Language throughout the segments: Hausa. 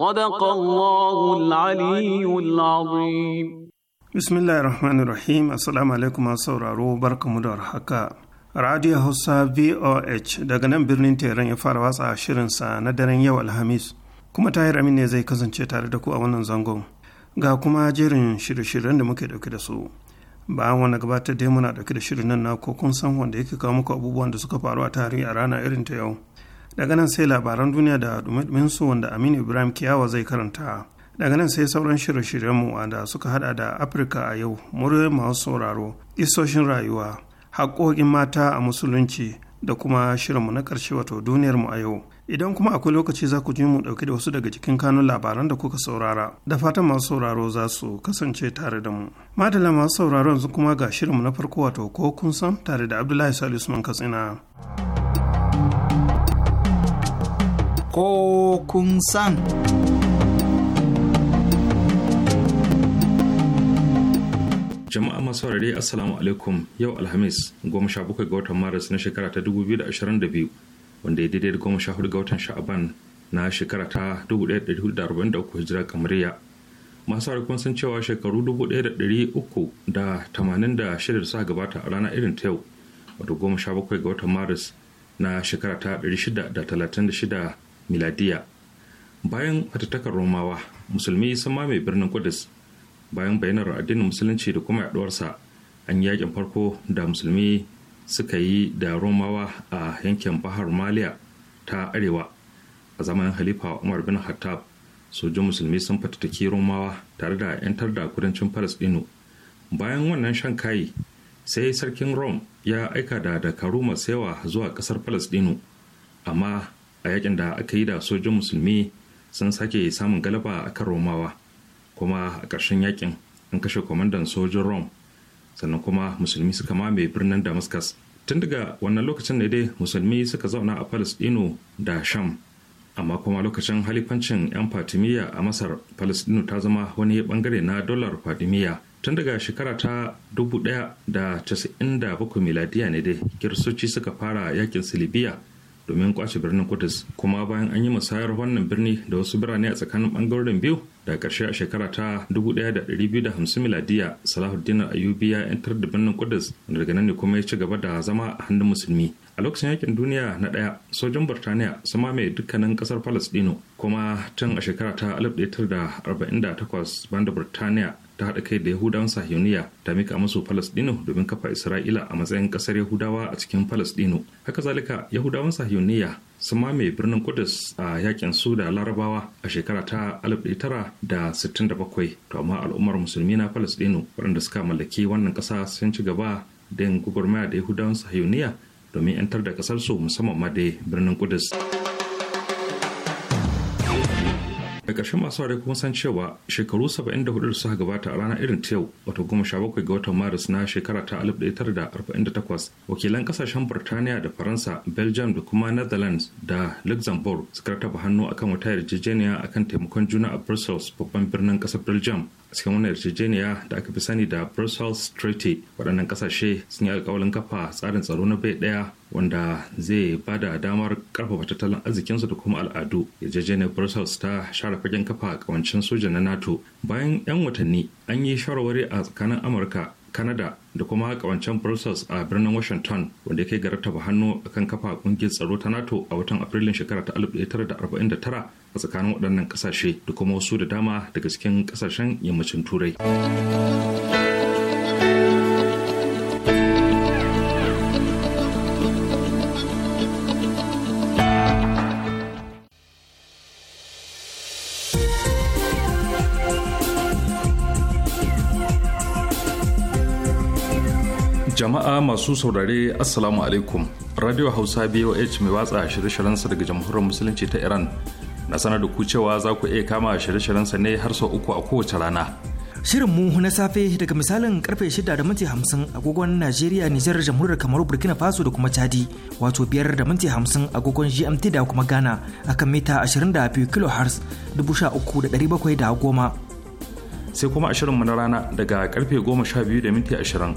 صدق الله العلي العظيم بسم الله الرحمن الرحيم السلام عليكم sauraro barkamu da Haka. Radio Hausa VOH daga nan birnin Teran ya fara watsa shirinsa na daren yau Alhamis kuma Tahir Amin ne zai kasance tare da ku a wannan zangon ga kuma jerin shirye-shiryen da muke dauke da su bayan wani gabatar da muna dauke da shirin nan na ko kun san wanda yake kawo muku abubuwan da suka faru a tarihi a rana irin ta yau daga nan sai labaran duniya da dumin su wanda aminu ibrahim kiyawa zai karanta daga nan sai sauran shirye-shiryenmu wanda suka hada da afirka a yau muryar masu sauraro isoshin rayuwa haƙoƙin mata a musulunci da kuma shirinmu na ƙarshe wato duniyarmu a yau idan kuma akwai lokaci za ku ji mu ɗauke da wasu daga cikin kanun labaran da kuka saurara da fatan masu sauraro za su kasance tare da mu madala masu sauraro yanzu kuma ga shirinmu na farko wato ko kun san tare da abdullahi salisu man katsina ko kun san. jama'a masu saurare assalamu alaikum yau alhamis goma sha bakwai ga watan maris na shekara ta 2022 wanda ya daidai da goma sha hudu ga watan sha'aban na shekara ta 1443 hijira kamariya masu harkun sun cewa shekaru 1386 da suka gabata a rana irin ta yau wato goma sha 17 ga watan maris na shekara ta miladiya bayan fatattakar romawa musulmi sun mame birnin kudus bayan bayanar addinin musulunci da kuma yaduwarsa an yi yakin farko da musulmi suka yi da romawa a yankin bahar maliya ta arewa a zamanin halifa umar bin hattab sojin musulmi sun fatattaki romawa tare da 'yantar da kudancin Falasɗinu. bayan wannan shan kayi sai sarkin rome ya aika da dakaru masu yawa zuwa kasar Falasɗinu, amma a yakin da aka yi da sojin musulmi sun sake samun galaba a kan romawa kuma a ƙarshen yakin an kashe kwamandan sojin rom sannan kuma musulmi suka mame birnin damascus tun daga wannan lokacin ne dai musulmi suka zauna a palestino da sham amma kuma lokacin halifancin 'yan fatimiyya a masar palestino ta zama wani bangare na dolar fatimiyya tun daga shekara ta da 1997 miladiya ne dai kirsoci suka fara yakin silibiya domin kwace birnin Kudus kuma bayan an yi musayar wannan birni da wasu birane a tsakanin bangarorin biyu da karshe a shekara ta 1250 miladiya Salahuddin ayubi ya yantar da birnin Kudus daga nan ne kuma ya ci gaba da zama a hannun musulmi a lokacin yakin duniya na daya sojan Burtaniya su mamaye dukkanin kasar Palestino kuma tun a shekara ta 1948 banda Burtaniya ta haɗa kai da yahudawan sahiyoniya ta mika musu falasɗinu domin kafa isra'ila a matsayin ƙasar yahudawa a cikin falasɗinu haka zalika yahudawan sahiyoniya sun mame birnin kudus a yakin su da larabawa a shekara ta 1967 to amma al'ummar musulmi na falasɗinu waɗanda suka mallaki wannan ƙasa sun ci gaba da yin gwagwarmaya da yahudawan sahiyoniya domin 'yantar da ƙasar su musamman ma da birnin kudus. a ƙarshen masu ware kuma san cewa shekaru 74 da suka gabata a ranar irin ta yau wato 17 ga watan maris na shekara ta 1948 wakilan kasashen burtaniya da faransa belgium da kuma netherlands da luxembourg suka taba hannu akan wata yarjejeniya akan taimakon juna a brussels babban birnin kasar belgium a cikin wannan yarjejeniya da aka fi sani da brussels treaty waɗannan ƙasashe sun yi alƙawarin kafa tsarin tsaro na bai ɗaya wanda zai ba da damar ƙarfafa tattalin arzikinsu da kuma al'adu yarjejeniyar brussels ta share fagen kafa a ƙawancin soja na nato bayan 'yan watanni an yi shawarwari a tsakanin amurka kanada da kuma kawancen brussels a birnin washington wanda ya kai ga rattaba hannu akan kafa kungiyar tsaro ta nato a watan afrilun shekara ta 1949 a tsakanin waɗannan ƙasashe da kuma wasu da dama daga cikin ƙasashen yammacin turai jama'a masu saurare assalamu alaikum radio hausa boh mai watsa shirye sa daga jamhuriyar musulunci ta iran na sanar da ku cewa za ku iya kama shirye sa ne har sau uku a kowace rana shirinmu na safe daga misalin karfe 6 da minti 50 agogon najeriya nijar jamhuriyar kamaru burkina faso da kuma chadi wato biyar da minti 50 agogon gmt da kuma ghana akan mita 22 kilohertz 13710 sai kuma a shirinmu na rana daga karfe 12 da minti ashirin.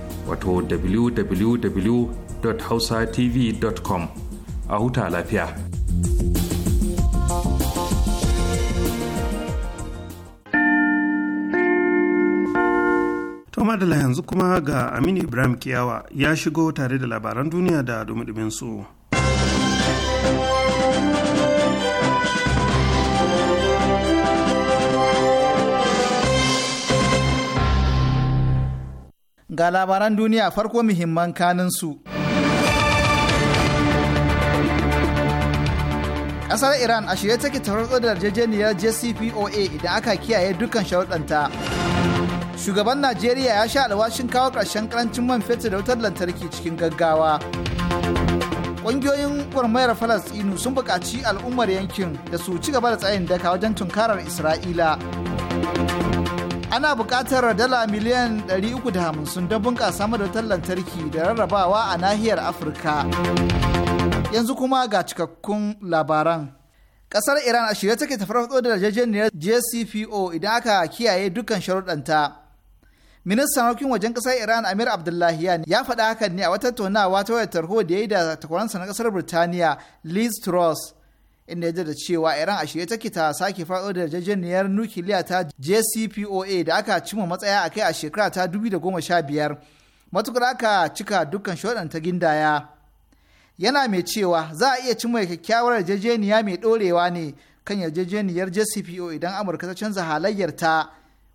wato www.hausatv.com a huta lafiya. To yanzu kuma ga Aminu Ibrahim Kiyawa ya shigo tare da labaran duniya da dumi su. ga labaran duniya farko muhimman kaninsu. Ƙasar Iran a shirye take tafarko da yarjejeniyar JCPOA idan aka kiyaye dukkan sharuɗanta. Shugaban Najeriya ya sha alwashin kawo ƙarshen ƙarancin man fetur da wutar lantarki cikin gaggawa. Ƙungiyoyin gwarmayar Falasɗinu sun buƙaci al'ummar yankin da su ci gaba da tsayin daka wajen tunkarar Isra'ila. ana buƙatar dala miliyan 350 don bunƙasa madautar lantarki da rarrabawa a nahiyar afirka yanzu kuma ga cikakkun labaran ƙasar iran a shirye take ta da yarjejeniyar jcpo idan aka kiyaye dukkan sharuɗanta ministan harkokin wajen ƙasar iran amir Abdullahi ya faɗa hakan ne a wata tattaunawa ta wayar tarho da ya yi da takwaransa na ƙasar birtaniya liz truss inda ya da cewa iran a shirye take ta sake faɗo da yarjejeniyar nukiliya ta jcpoa da aka cimma matsaya a kai a shekara ta da sha biyar matukar aka cika dukkan shoɗan ta gindaya yana mai cewa za a iya cimma kyakkyawar yarjejeniya mai ɗorewa ne kan yarjejeniyar jcpo idan amurka ta canza halayyarta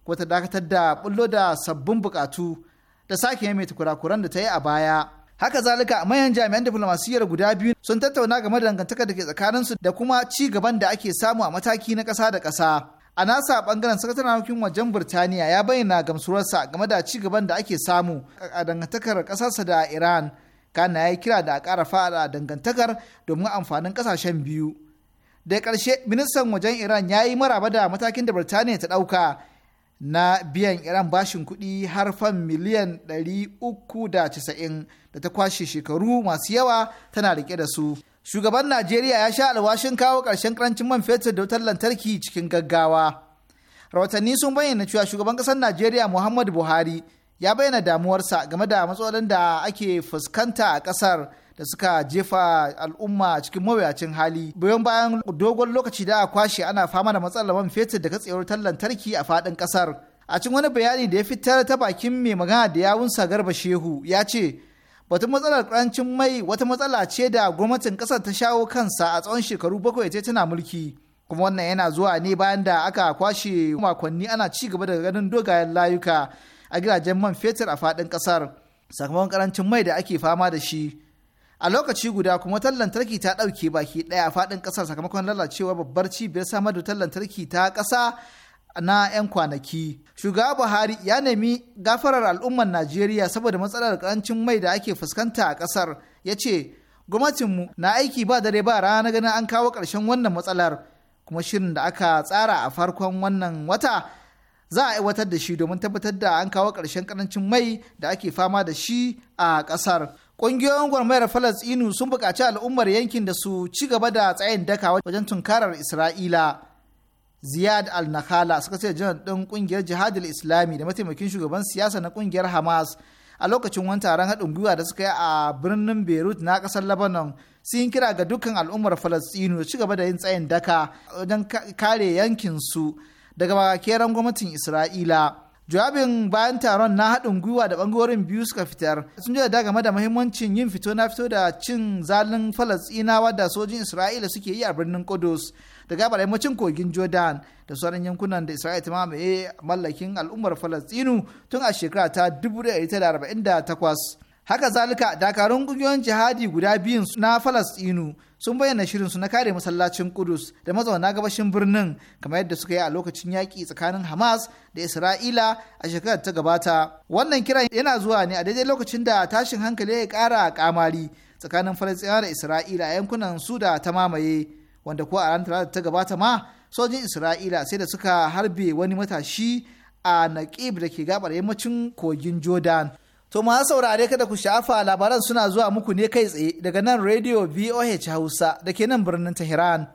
ko dakatar da bullo da sabbin bukatu da sake mai kurakuran da ta yi a baya haka zalika mayan jami'an diflomasiyyar guda biyu sun tattauna game da dangantakar da ke su da kuma ci gaban da ake samu a mataki na kasa da kasa a nasa bangaren sakataren harkokin wajen birtaniya ya bayyana gamsuwarsa game da ci gaban da ake samu a dangantakar kasarsa da iran kana ya yi kira da a kara faɗa dangantakar domin amfanin ƙasashen biyu da ƙarshe ministan wajen iran ya yi maraba da matakin da burtaniya ta ɗauka na biyan iran bashin kuɗi har fan miliyan 390 da ta kwashe shekaru masu yawa tana rike da su shugaban najeriya ya sha alwashin kawo ƙarshen karancin man fetur da wutar lantarki cikin gaggawa rahotanni sun bayyana cewa shugaban ƙasar najeriya muhammadu buhari ya bayyana damuwarsa game da matsalolin da ake fuskanta a ƙasar da suka jefa al'umma cikin mawuyacin hali bayan bayan dogon lokaci da a kwashe ana fama da matsalar man fetur da katsewar tallan lantarki a faɗin ƙasar a cikin wani bayani da ya fitar ta bakin mai magana da yawun garba shehu ya ce batun matsalar karancin mai wata matsala ce da gwamnatin ƙasar ta shawo kansa a tsawon shekaru bakwai ce tana mulki kuma wannan yana zuwa ne bayan da aka kwashe makonni ana ci gaba da ganin dogayen layuka a gidajen man fetur a faɗin ƙasar sakamakon karancin mai da ake fama da shi a lokaci guda kuma wutar lantarki ta ɗauke baki ɗaya a faɗin ƙasar sakamakon lalacewa babbar cibiyar samar da wutar lantarki ta ƙasa na 'yan kwanaki shugaba buhari ya nemi gafarar al'ummar najeriya saboda matsalar karancin mai da ake fuskanta a ƙasar ya ce gwamnatinmu na aiki ba dare ba rana ganin an kawo ƙarshen wannan matsalar kuma shirin da aka tsara a farkon wannan wata za a aiwatar da shi domin tabbatar da an kawo ƙarshen ƙarancin mai da ake fama da shi a ƙasar Ƙungiyoyin gwarmayar Falasɗinu sun buƙaci al'ummar yankin da su ci gaba da tsayin daka wajen tunkarar Isra'ila. Ziyad al-Nakhala suka ce janar ɗin ƙungiyar jihadul Islami da mataimakin shugaban siyasa na ƙungiyar Hamas a lokacin wani taron haɗin gwiwa da suka yi a birnin Beirut na ƙasar Lebanon sun yi kira ga dukkan al'ummar Falasɗinu da ci gaba da yin tsayin daka wajen kare yankinsu daga bakeren gwamnatin Isra'ila. jawabin bayan taron na haɗin gwiwa da ɓangarorin biyu suka fitar sun ji da game da mahimmancin yin fito na fito da cin zalin falastinawa da sojin isra'ila suke yi a birnin kudus da gabar yammacin kogin jordan da sauran yankunan da isra'ila ta mamaye mallakin al'ummar falastinu tun a shekara ta da takwas haka zalika dakarun ƙungiyoyin jihadi guda biyun na falastinu sun bayyana shirin su na kare masallacin Kudus da mazauna gabashin birnin kamar yadda suka yi a lokacin yaƙi tsakanin Hamas da Isra'ila a shekarar ta gabata. Wannan kiran yana zuwa ne a daidai lokacin da tashin hankali ya ƙara kamari tsakanin Falasɗinawa da Isra'ila a yankunan su da ta mamaye wanda ko a ranar Talata ta gabata ma sojin Isra'ila sai da suka harbe wani matashi a Naqib da ke gabar yammacin kogin Jordan. To masu saurare kada ku shafa labaran suna zuwa muku ne kai tsaye daga nan Radio VOH Hausa da ke nan birnin Tehran.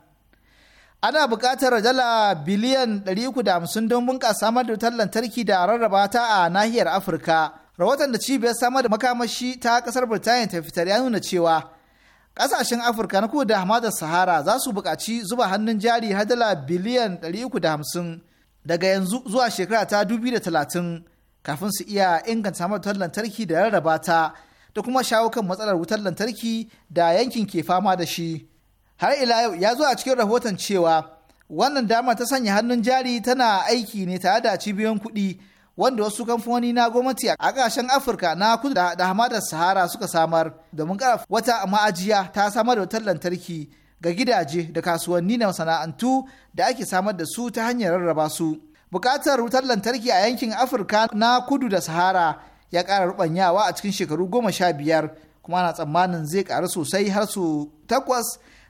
Ana buƙatar dala biliyan 350 don bunƙasa samar da wutar lantarki da rarraba ta a nahiyar Afirka. Rahoton da cibiyar samar da makamashi ta ƙasar Birtaniya ta fitar ya nuna cewa ƙasashen Afirka na kudu da hamadar Sahara za su buƙaci zuba hannun jari har dala biliyan 350 daga yanzu zuwa shekara ta 2030. kafin su iya inganta samar wutar lantarki da rarraba ta da kuma shawo kan matsalar wutar lantarki da yankin ke fama da shi har ila yau ya zo a cikin rahoton cewa wannan dama ta sanya hannun jari tana aiki ne tare da cibiyoyin kuɗi wanda wasu kamfanoni na gwamnati a ƙasashen afirka na kudu da hamadar sahara suka samar domin ƙara wata ma'ajiya ta samar da wutar lantarki ga gidaje da kasuwanni na masana'antu da ake samar da su ta hanyar rarraba su. bukatar wutar lantarki a yankin afirka na kudu da sahara ya ƙara rubanyawa a cikin shekaru goma sha biyar kuma ana tsammanin zai karu sosai har su takwas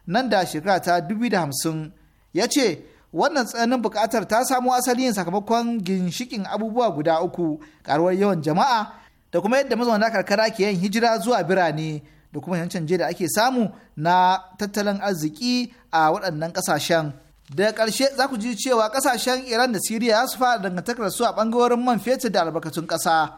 nan da shekara ta dubu da hamsin ya ce wannan tsananin bukatar ta samo asali yin sakamakon ginshikin abubuwa guda uku karuwar yawan jama'a da kuma yadda mazauna karkara ke yin hijira zuwa birane da kuma yancin da ake samu na tattalin arziki a waɗannan ƙasashen. daga ƙarshe za ku ji cewa ƙasashen iran da siriya su fara dangantakar su a ɓangarorin man fetur da albarkatun ƙasa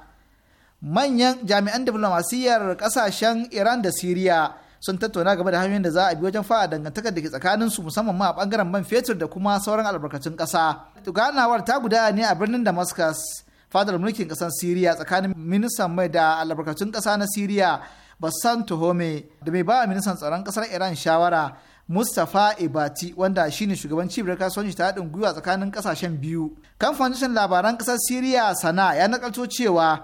manyan jami'an diflomasiyyar ƙasashen iran da siriya sun tattauna game da hanyoyin da za a bi wajen fara dangantakar da ke tsakanin su musamman ma a ɓangaren man fetur da kuma sauran albarkatun ƙasa ganawar ta gudana ne a birnin damascus fadar mulkin ƙasar siriya tsakanin ministan mai da albarkatun ƙasa na siriya bassan tuhome da mai ba ministan tsaron ƙasar iran shawara Mustapha Ibati wanda shine shugaban cibiyar kasuwanci ta haɗin gwiwa tsakanin ƙasashen biyu. Kamfanin labaran ƙasar Siriya sana ya nakalto cewa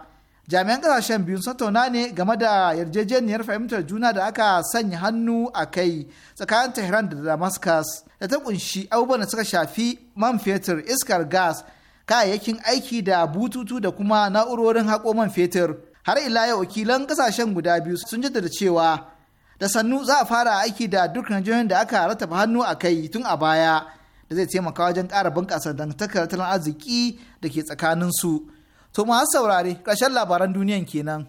jami'an ƙasashen biyu sun tauna ne game da yarjejeniyar fahimtar juna da aka sanya hannu a kai tsakanin Tehran da Damascus da ta ƙunshi abubuwan da suka shafi man fetur, iskar gas, kayayyakin aiki da bututu da kuma na'urorin haƙo man fetur. Har ila yau wakilan ƙasashen guda biyu sun jaddada cewa da sannu za a fara aiki da duk jihohin da aka rataba hannu a kai tun a baya da zai taimaka wajen ƙara bunƙasa dangantakar tattalin arziki da ke tsakanin su. To masu saurare ƙarshen labaran duniyan kenan.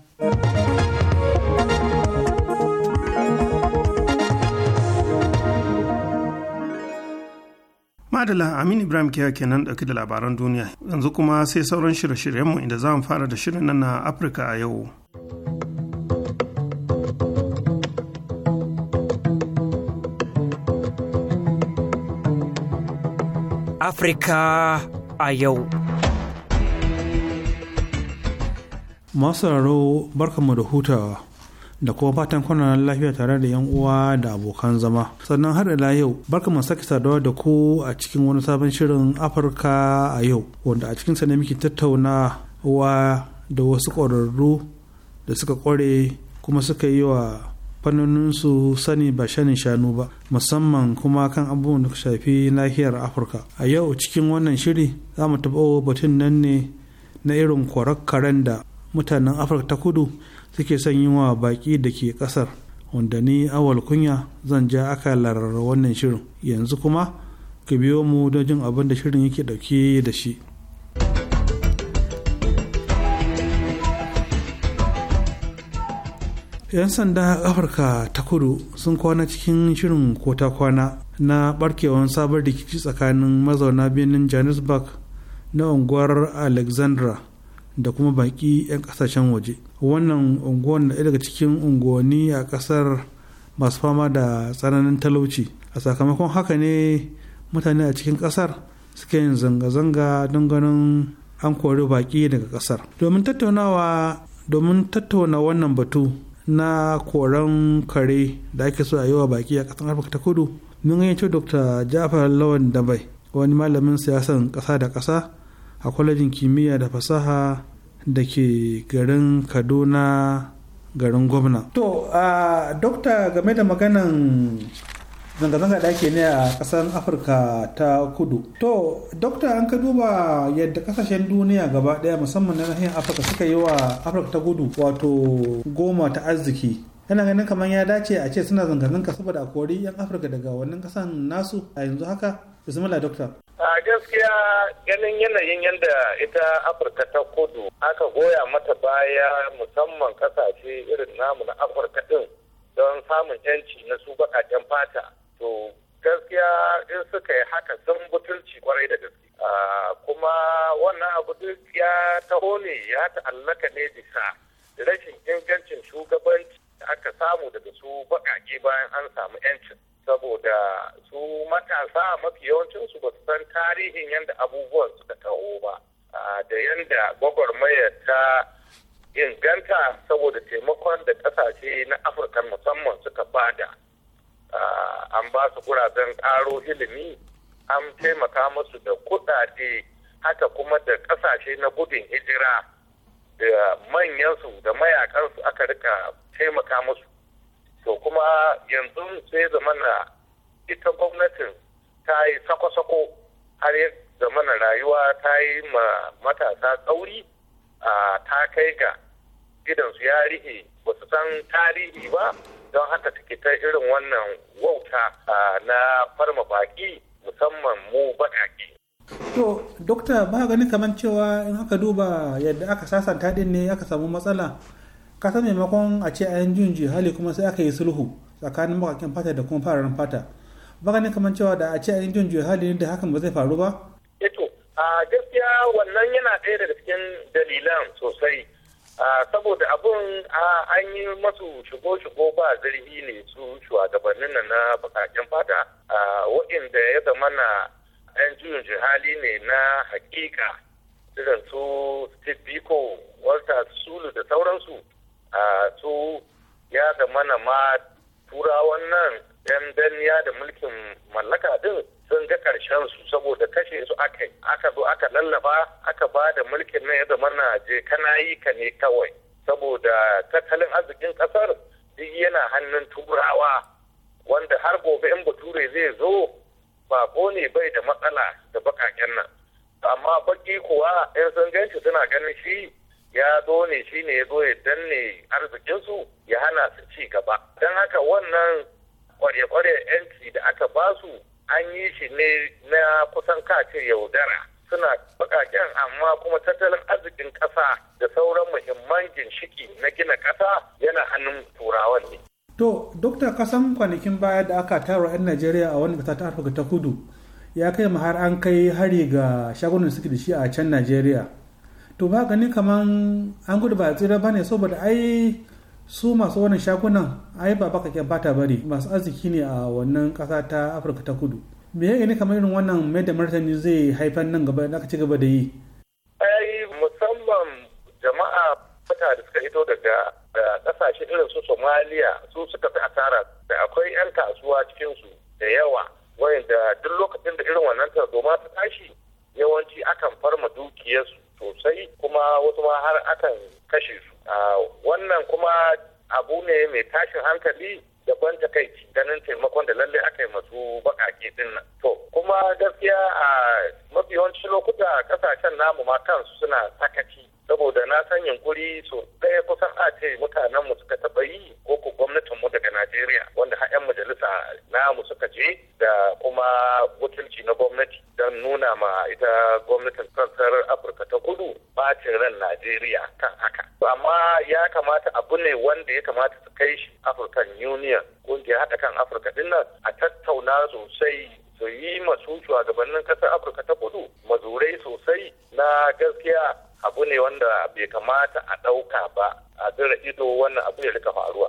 Madala Amin Ibrahim Kiyawa kenan ɗauki da labaran duniya yanzu kuma sai sauran shirye-shiryenmu inda za mu fara da shirin nan na Afirka a yau. Afrika a yau. Masu raro barkanmu da hutawa da kuma fatan kwanan lafiya tare da yan uwa da abokan zama. Sannan har ila yau barkanmu sake saduwa da ku a cikin wani sabon shirin Afirka a yau wanda a cikin cikinsa ne muke uwa da wasu ƙwararru da suka ƙware kuma suka yi wa su sani ba shanin shanu ba musamman kuma kan abubuwan da shafi nahiyar afirka a yau cikin wannan shiri za mu taɓa batun nan ne na irin karen da mutanen afirka ta kudu suke son yi wa baƙi da ke ƙasar wanda ni awal kunya zan ja aka lararra wannan shirin yanzu kuma ka biyo mu don jin abin da shirin yake ɗauke da shi 'yan sanda afirka ta kudu sun kwana cikin shirin kota kwana na barkewan sabon rikici tsakanin mazauna birnin johannesburg na unguwar alexandra da kuma baki 'yan kasashen waje wannan unguwar na daga cikin unguwanni a kasar masu fama da tsananin talauci a sakamakon haka ne mutane a cikin kasar suke yin zanga-zanga don ganin an kori baki daga kasar domin tattaunawa domin tattauna wannan batu na koran kare da ake so a yi wa baki a ƙasar afirka ta kudu mun yi gayyato dr jafar lawan dabai wani malamin siyasan ƙasa da ƙasa a kwalejin kimiyya da fasaha da ke garin kaduna garin gwamna to a dokta game da maganan zanga-zanga da ake ne a kasar afirka ta kudu to dokta an ka duba yadda kasashen duniya gaba daya musamman na nahiyar afirka suka yi wa afirka ta Gudu wato goma ta arziki yana ganin kamar ya dace a ce suna zanga-zanga saboda kori 'yan afirka daga wannan kasan nasu a yanzu haka bismillah dokta a gaskiya ganin yanayin yadda ita afirka ta kudu aka goya mata baya musamman kasashe irin namu na afirka din don samun yanci na su baƙaƙen fata to gaskiya in suka yi haka sun butulci kwarai da gaske ah, kuma wannan abu duk ya taho ne ya ta'allaka ne bisa rashin ingancin shugabanci da aka samu daga su baƙaƙe bayan an samu 'yancin saboda su matasa mafi yawancinsu ba su san tarihin yadda abubuwan suka taho ba ah, da yadda gwagwarmaya ta inganta saboda taimakon da an ba su kuraben ƙaro ilimi an taimaka musu da kuɗaɗe haka kuma da ƙasashe na gudun hijira da manyansu da mayakansu aka rika taimaka musu to kuma yanzu sai zamana ita gwamnatin ta yi sako-sako har ya zamana rayuwa ta yi ma matasa tsauri a ta kai ga gidansu ya rihe ba su san tarihi ba don haka take ta irin wannan wauta na farma baki musamman mu baƙaƙe. To, Dokta ba gani kamar cewa in aka duba yadda aka sasanta din ne aka samu matsala, ka san maimakon a ce a yan jin hali kuma sai aka yi sulhu tsakanin makakin fata da kuma fararen fata. Ba gani kamar cewa da a ce a yan jin hali da hakan ba zai faru ba? Eto, eh a gaskiya wannan yana ɗaya daga cikin dalilan sosai Ah, saboda abun ah, an yi masu shigo-shigo ba zargi ne su shugabannin na bakaken fata ah, waɗanda ya zama na 'yan juyin hali ne na hakika irin su steve biko walter sulu da sauransu su ya zama na ma turawan nan 'yan ya da mulkin mallaka din sun ga karshen su saboda kashe su aka aka zo aka lallaba aka ba da mulkin nan ya zama na je kana yi ka ne kawai saboda tattalin arzikin kasar duk yana hannun turawa wanda har gobe in bature zai zo bako ne bai da matsala da bakaken nan amma baki kuwa 'yan sun ganci suna ganin shi ya zo ne shi ne ya zo ya danne arzikinsu ya hana su ci gaba don haka wannan kware-kware yanci da aka basu an yi shi ne na kusan kace yaudara suna bakaken amma kuma tattalin arzikin kasa da sauran muhimman ginshiki na gina ƙasa yana hannun turawan ne. To, Dokta kasan kwanakin baya da aka tara 'yan Najeriya a wani kasa ta Afirka ta kudu ya kai ma har an kai hari ga shagunan suke da shi a can Najeriya. To, ba gani kaman an gudu ba tsira ba ne saboda ai su masu wannan shagunan ai ba baka ke bata bari masu arziki ne a wannan kasa ta afirka ta kudu me ya ne kamar irin wannan mai da martani zai haifar nan gaba da aka ci gaba da yi ai musamman jama'a fata da suka hito daga kasashe irin su somaliya su suka fi asara da akwai 'yan kasuwa cikin su da yawa wayanda duk lokacin da irin wannan tarzoma ta tashi yawanci akan farma dukiyarsu sosai kuma wasu ma har akan kashe su wannan kuma abu ne mai tashin hankali da ban takaici ganin taimakon da lalle aka yi masu bakake din nan. To kuma gaskiya a mafi yawancin lokuta kasashen namu ma kansu suna sakaci saboda na san yunkuri so ɗaya kusan a ce mutanen mu suka taba yi ko ku gwamnatin mu daga Najeriya wanda yan majalisa na mu suka je da kuma mutunci na gwamnati don nuna ma ita gwamnatin kasar Afirka ta kudu bacin ran Najeriya kan haka. Amma ya kamata abu ne wanda ya kamata su kai shi African Union kungiyar haɗa kan Afirka dinnan a tattauna sosai su yi masu shugabannin ƙasar afirka ta kudu mazurai sosai na gaskiya abu ne wanda bai kamata a ɗauka ba a zira ido wannan abu ya rika faruwa.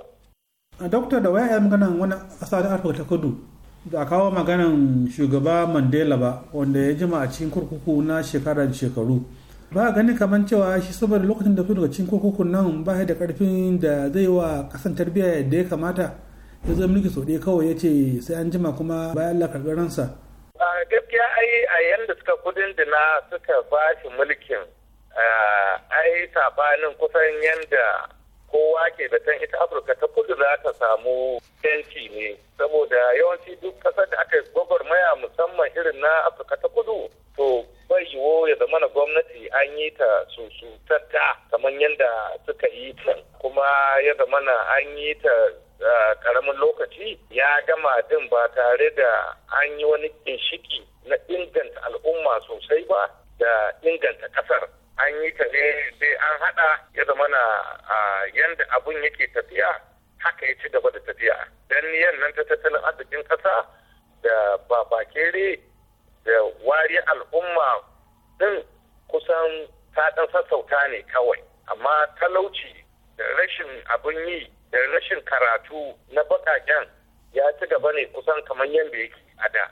a dokta da waya maganan wani ƙasa da afirka ta kudu da a kawo maganan shugaba mandela ba wanda ya jima a cikin kurkuku na shekara da shekaru ba gani kamar cewa shi saboda lokacin da fito daga cikin kurkukun nan ba da karfin da zai wa kasan tarbiyya yadda ya kamata ya zo mulki sau ɗaya kawai ya ce sai an jima kuma bayan Allah karɓar ransa. gaskiya ai a yanda suka kudin dina suka ba shi mulkin ai sabanin kusan yanda kowa ke da ita afirka ta kudu za ta samu yanci ne saboda yawanci duk kasar da aka maya musamman irin na afirka ta kudu to bai yiwo ya zama na gwamnati an yi ta su tatta kamar yadda suka yi ta kuma ya zama na an yi ta karamin lokaci ya gama din ba tare da an yi wani ginshiki na inganta al'umma sosai ba da inganta kasar an yi ta ne sai an hada ya zama na yanda abun yake tafiya haka ya ci gaba da tafiya dan yan nan ta tattalin arzikin kasa da babakere da wari al'umma din kusan ta dan sassauta ne kawai amma talauci da rashin abun yi da rashin karatu na baƙaƙen ya ci gaba ne kusan kamar yadda yake a da.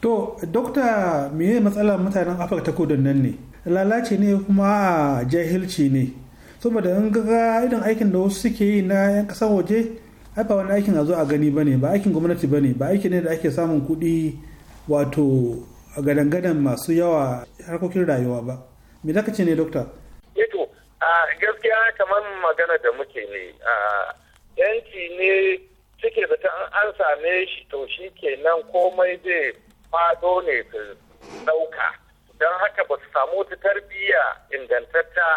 To, Dokta, meye matsalar mutanen Afirka ta kudin nan ne? Lalace ne kuma jahilci ne. Saboda in ga irin aikin da wasu suke yi na 'yan ƙasar waje, haifa wani aikin a zo a gani ba ne, ba aikin gwamnati ba ne, ba aikin ne da ake samun kuɗi wato gadangadan masu yawa harkokin rayuwa ba me da ce ne dokta eto eh a gaskiya kamar magana da muke ne a yanki ne suke da ta an same shi to shi kenan komai zai fado ne su dauka don haka ba su samu ta tarbiyya ingantatta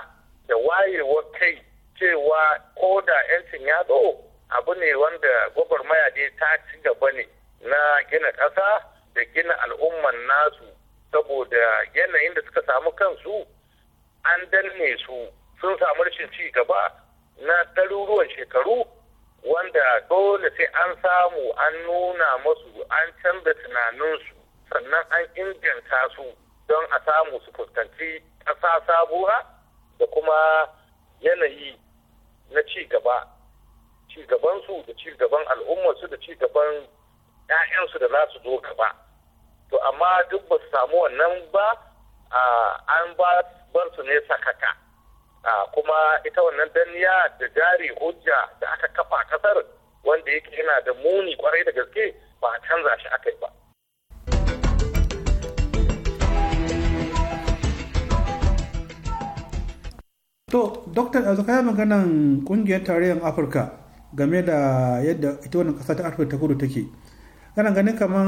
da wayewar kai cewa ko da yancin ya zo abu ne wanda gwagwarmaya dai ta ci gaba ne na gina ƙasa da gina al'umman nasu saboda yanayin da suka samu kansu an danne su sun samu rashin ci gaba na ɗaruruwan shekaru wanda dole sai an samu an nuna masu an canza tunaninsu sannan an inganta su don a samu su fuskanci ƙasa sabuwa da kuma yanayi na ci gaba ci gabansu da ci gaban al'ummarsu da ci gaban 'ya'yansu da za su zo gaba. to amma duk ba su samu wannan ba an bar su ne sakaka kuma ita wannan danniya da jari hujja da aka kafa kasar wanda yake yana da muni kwarai da gaske ba a canza shi yi ba To, Dokta yanzu kayan maganan kungiyar tarayyar Afirka game da yadda ita wannan ƙasa ta Afirka ta kudu take. kana ganin kamar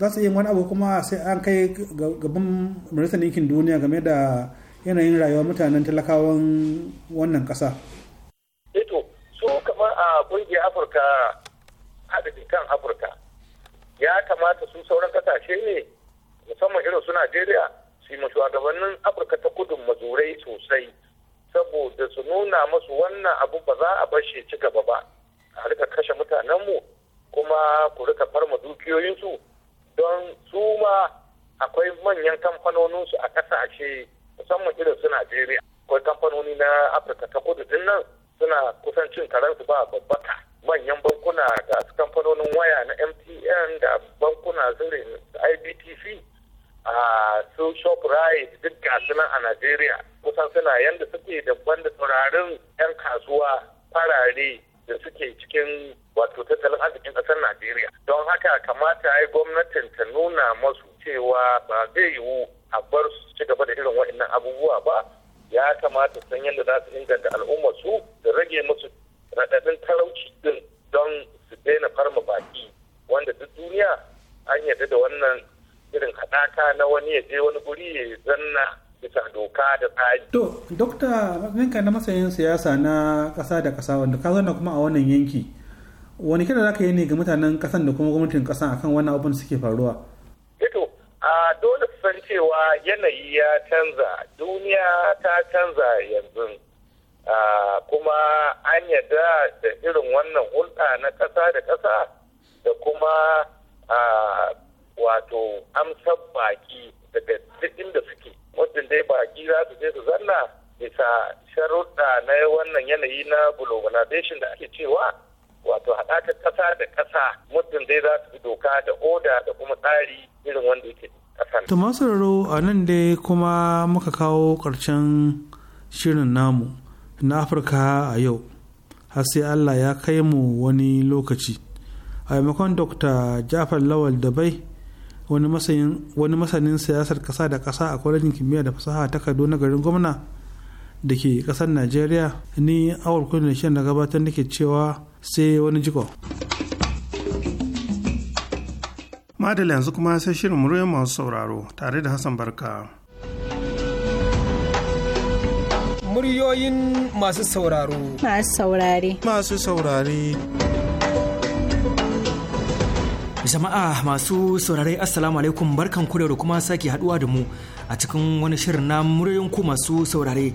za su yi wani abu kuma sai an kai gaban majalisar ɗinkin duniya game da yanayin rayuwar mutanen talakawan wannan ƙasa. Eto, eh so kamar a ƙungiyar Afirka haɗin kan Afirka ya kamata su sauran ƙasashe ne musamman irin su Najeriya su yi gabanin Afirka ta kudu mazurai sosai saboda su nuna masu wannan abu ba za a bar shi ci gaba ba a rika kashe mutanenmu kuma ku rika farma dukiyoyinsu don su ma akwai manyan kamfanoninsu a kasashe musamman irin su Najeriya. Akwai kamfanoni na Afirka ta kudu din nan suna kusan cin karansu ba babbaka. Manyan bankuna da kamfanonin waya na MTN da bankuna zirin IBTC a su ShopRite duk gasu nan a Najeriya. Kusan suna yanda suke da da turarin 'yan kasuwa farare da suke cikin wato tattalin arzikin ƙasar Najeriya. Don haka kamata ya gwamnatin ta nuna masu cewa ba zai yiwu a bar su ci gaba da irin waɗannan abubuwa ba ya kamata san yadda za su inganta al'ummar su da rage musu raɗaɗin talauci din don su daina farma baki wanda duk duniya an yarda da wannan irin haɗaka na wani ya je wani guri ya zanna bisa doka da tsari. To, Dokta, ninka na masayin siyasa na ƙasa da ƙasa wanda ka zauna kuma a wannan yanki. Wani kira za ka yi ne ga mutanen ƙasan da kuma gwamnatin ƙasan akan wannan abin suke faruwa? Ito, eh a dole su san cewa yanayi ya canza, duniya ta canza yanzu. kuma an yarda da irin wannan hulɗa na ƙasa da ƙasa da kuma wato amsar baki daga duk inda suke muddin dai baki za su je su zanna bisa sharuɗa na wannan yanayi na globalization da ake cewa wato haɗakar ƙasa da ƙasa muddin dai za su bi doka da oda da kuma tsari irin wanda yake ƙasar. To masararo a nan dai kuma muka kawo ƙarshen shirin namu na Afirka a yau. Har sai Allah ya kai mu wani lokaci. A maimakon Dr. Jafar Lawal bai. wani masanin siyasar kasa da kasa a kwalejin kimiyya da fasaha ta Kaduna garin gwamna da ke kasar Najeriya ni awar kudin da da gabatar ke cewa sai wani jiko. Madalla yanzu kuma sai shirin muryar masu sauraro tare da Hassan Barka. Muryoyin masu sauraro. Masu saurare. Masu saurare. jama'a masu saurare assalamu alaikum barkan ku da kuma sake haduwa da mu a cikin wani shirin na muryoyin ku masu saurare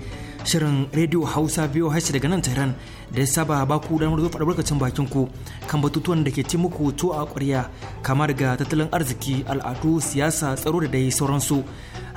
shirin radio hausa biyu hashi daga nan tehran da ya saba ba ku damar barkacin bakin ku kan batutuwan da ke ci muku to a kwarya kama daga tattalin arziki al'adu siyasa tsaro da dai sauransu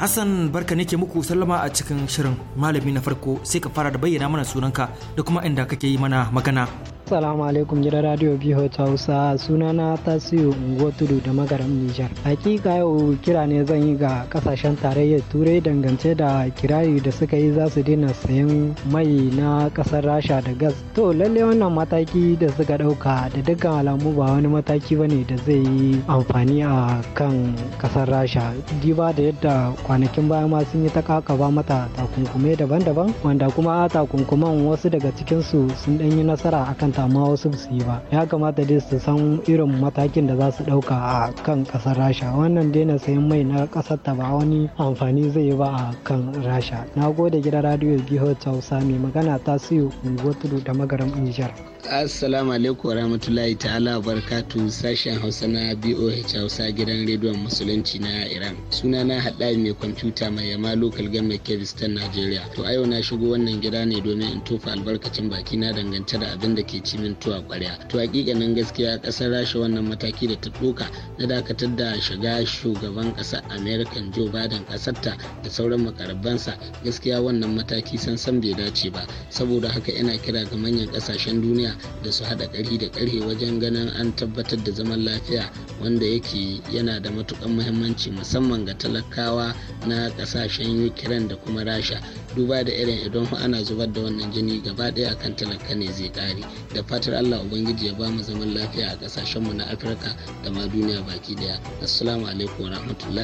hassan barka ne ke muku sallama a cikin shirin malami na farko sai ka fara da bayyana mana sunanka da kuma inda kake yi mana magana Assalamu alaikum gidan Radio bi Hausa sunana Tasiu tasiru Tudu da Magaram Nijar. Hakika yau kira ne zan yi ga kasashen tarayyar Turai dangance da kirari da suka yi za su daina sayan mai na kasar Rasha da gas. To lalle wannan mataki da suka dauka da dukkan alamu ba wani mataki bane da zai yi amfani a kan kasar Rasha. Diba da yadda kwanakin baya ma sun yi ta kakaba mata takunkume daban-daban wanda kuma takunkuman wasu daga cikinsu sun dan yi nasara akan ta amma wasu su yi ba ya kamata dai su san irin matakin da za su ɗauka a kan kasar rasha wannan daina sayan mai na kasar ta ba wani amfani zai yi ba a kan rasha na gode gida radio biyu hausa mai magana ta siyo unguwar tudu da magaram nijar Assalamu alaikum wa rahmatullahi ta'ala barkatu sashen Hausa na BOH Hausa gidan rediyon Musulunci na Iran. Suna na haɗa mai kwamfuta mai yama lokal game Kebis ta Najeriya. To a yau na shigo wannan gida ne domin in tofa albarkacin baki na dangance da abin da ke ci mintuwa kwarya to nan gaskiya kasar rasha wannan mataki da ta doka na dakatar da shiga shugaban kasa american joe biden kasarta da sauran makarabansa gaskiya wannan mataki san bai dace ba saboda haka yana kira ga manyan ƙasashen duniya da su haɗa ƙarfi da ƙarfe wajen ganin an tabbatar da zaman lafiya wanda yake yana da matukan muhimmanci musamman ga talakawa na ƙasashen ukraine da kuma rasha duba da irin idan ana zubar da wannan jini gaba ɗaya kan talaka ne zai ƙare da fatar allah ubangiji ya ba mu zaman lafiya a kasashen mu na afirka da ma duniya baki daya assalamu alaikum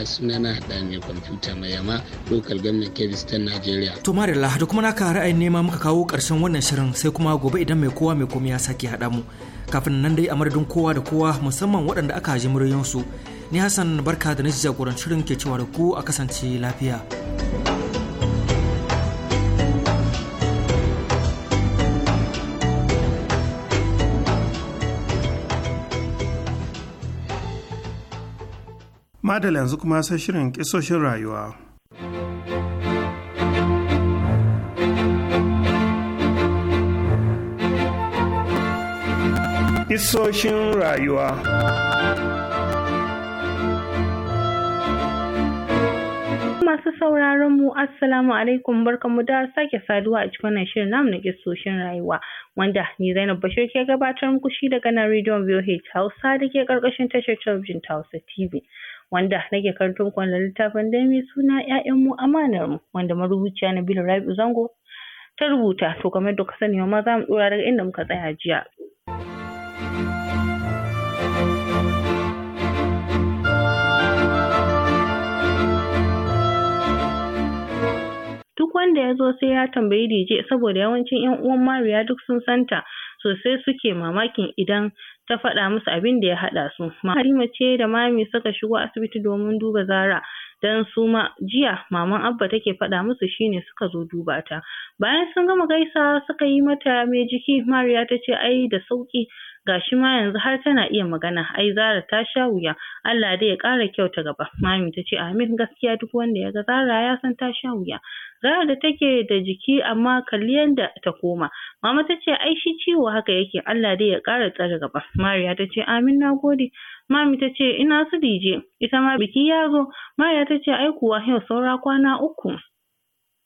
suna na haɗa mai kwamfuta mai yama local government kebis ta nigeria to marilla da kuma naka ra'ayin nema muka kawo ƙarshen wannan shirin sai kuma gobe idan mai kowa mai komai ya sake haɗa mu kafin nan dai a madadin kowa da kowa musamman waɗanda aka ji muryansu ni hassan barka da na jagorancin shirin ke cewa da ku a kasance lafiya. madala yanzu kuma sai shirin kisoshin rayuwa Kisoshin rayuwa masu sauraron mu assalamu alaikum barkamu da sake saduwa a cikin shirin namu na kisoshin rayuwa wanda ni Zainab Bashir ke gabatar muku shi daga nan rediyon VOH Hausa da ke karkashin tashar talabijin ta Hausa TV. wanda nake karanto muku wannan littafin dai mai suna ƴaƴan mu amanar mu wanda marubuciya Nabila rabi Zango ta rubuta to kamar yadda ka sani ma za mu ɗora daga inda muka tsaya jiya. duk wanda ya zo sai ya tambayi DJ saboda yawancin 'yan uwan Mariya duk sun santa sosai suke mamakin idan ta faɗa musu abin da ya haɗa su. Halima ce da Mami suka shigo asibiti domin duba Zara dan su ma jiya maman Abba take faɗa musu shine suka zo duba ta. Bayan sun gama gaisa suka yi mata mai jiki Mariya ta ce ai da sauƙi. gashi ma yanzu har tana iya magana ai Zara ta sha wuya Allah dai ya ƙara kyauta gaba mami tace amin gaskiya duk wanda ya ga Zara ya san ta sha wuya Zara da take da jiki amma kalli yanda ta koma mama tace ai shi ciwo haka yake Allah dai ya ƙara tsare gaba Mariya tace amin nagode Mami ta ce ina su dije ita ma biki ya zo Mariya ta ce ai kuwa yau saura kwana uku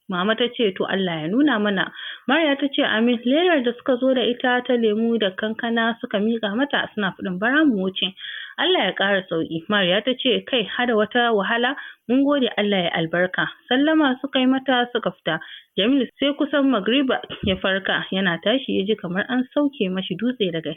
Mama ta ce to Allah ya nuna mana. Marya ta ce amin lerar da suka zo da ita ta lemu da kankana suka mika mata suna faɗin bara mu wuce. Allah ya ƙara sauki Mariya ta ce kai hada wata wahala mun gode Allah ya albarka. Sallama suka yi mata suka fita. Jamil sai kusan magriba ya farka yana tashi ya ji kamar an sauke mashi dutse daga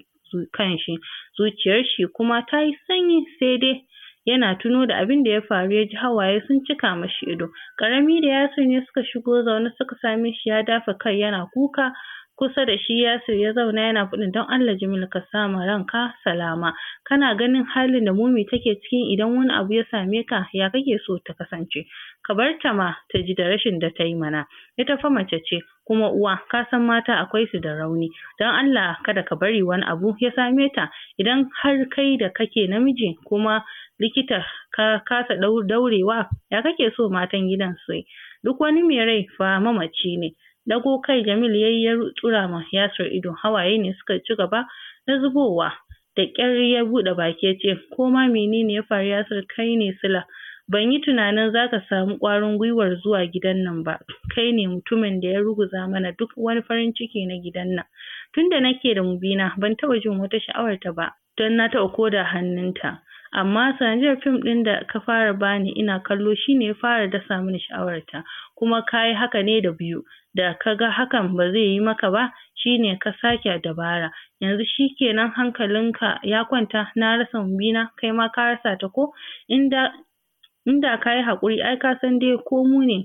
kan shi. Zuciyar shi kuma ta yi sanyi sai dai yana tuno da abin da ya faru ya ji hawaye sun cika mashi ido. Ƙarami da Yasir ne suka shigo zaune suka same shi ya dafa kai yana kuka kusa da shi Yasir ya zauna yana faɗin don Allah jimin ka sama ranka salama kana ganin halin da Mumi take cikin idan wani abu ya same ka ya kake so ta kasance ka bar ta ma ta ji da rashin da ta yi mana ita fa mace ce kuma uwa ka san mata akwai su da rauni don Allah kada ka bari wani abu ya same ta idan har kai da kake namiji kuma likita ka kasa daurewa ya kake so matan gidan su duk wani mai rai fa mamaci ne Dago kai Jamil ya yi ya tsura ma Yasir ido, hawaye ne suka ci gaba na zubowa. Da ƙyar ya buɗe baki ya ce, ko ma menene ya faru Yasir kai ne Sila. Ban yi tunanin za ka samu ƙwarin gwiwar zuwa gidan nan ba, kai ne mutumin da ya ruguza mana duk wani farin ciki na gidan nan. Tunda nake da Mubina ban taɓa jin wata sha'awarta ba, don na taɓa koda hannunta. amma sanadiyar fim ɗin da ka fara bani ina kallo shine ya fara dasa mini sha'awar ta kuma kayi haka ne da biyu da ka ga hakan ba zai yi maka ba Shi ne ka sake dabara yanzu shi kenan hankalinka ya kwanta na rasa kai ma ka rasa ta ko in da ka kayi haƙuri ai ka san dai ko mu ne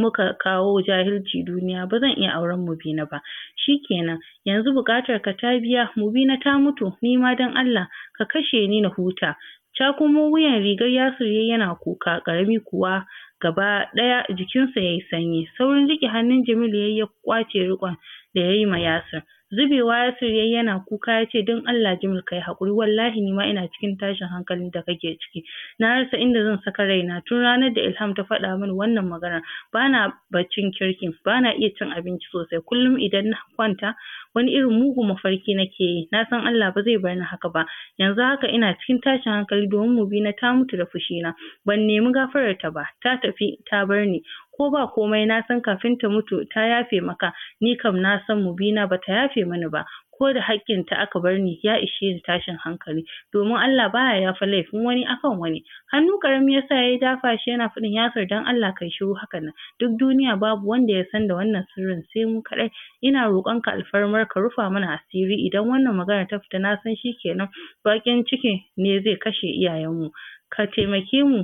muka kawo jahilci duniya ba zan iya auren Mubina ba shi kenan yanzu buƙatar ka ta biya Mubina ta mutu Ni ma dan Allah ka kashe ni na huta ta komo wuyan rigar Yasir yana kuka ƙarami kuwa gaba ɗaya jikinsa yayi sanyi saurin rike hannun Jamilu yayi ya kwace rikon da yayi ma Yasir. Zubewa Yasir yayi yana kuka ya ce don Allah Jimil yi haƙuri wallahi nima ina cikin tashin hankali da kake ciki. Na rasa inda zan saka raina tun ranar da Ilham ta faɗa min wannan maganar bana baccin kirki bana iya cin abinci sosai kullum idan na kwanta wani irin mugu mafarki nake yi na san Allah ba zai bar ni haka ba yanzu haka ina cikin tashin hankali domin mu na ta mutu da fushi na. ban nemi gafararta ba ta tafi ta bar ni ko ba komai na san kafin ta mutu ta yafe maka ni kam na san mu mubina bata yafe mani ba ko da haƙƙin ta aka barni ya ishe ni tashin hankali domin Allah baya yafa laifin wani akan wani hannu karami yasa yayi dafa shi yana faɗin yasir dan Allah kai shiru hakan nan duk duniya babu wanda ya san da wannan sirrin sai mu kaɗai ina roƙonka alfarmar ka rufa mana asiri idan wannan magana ta fita na san shikenan bakin ciki ne zai kashe iyayenmu ka taimake mu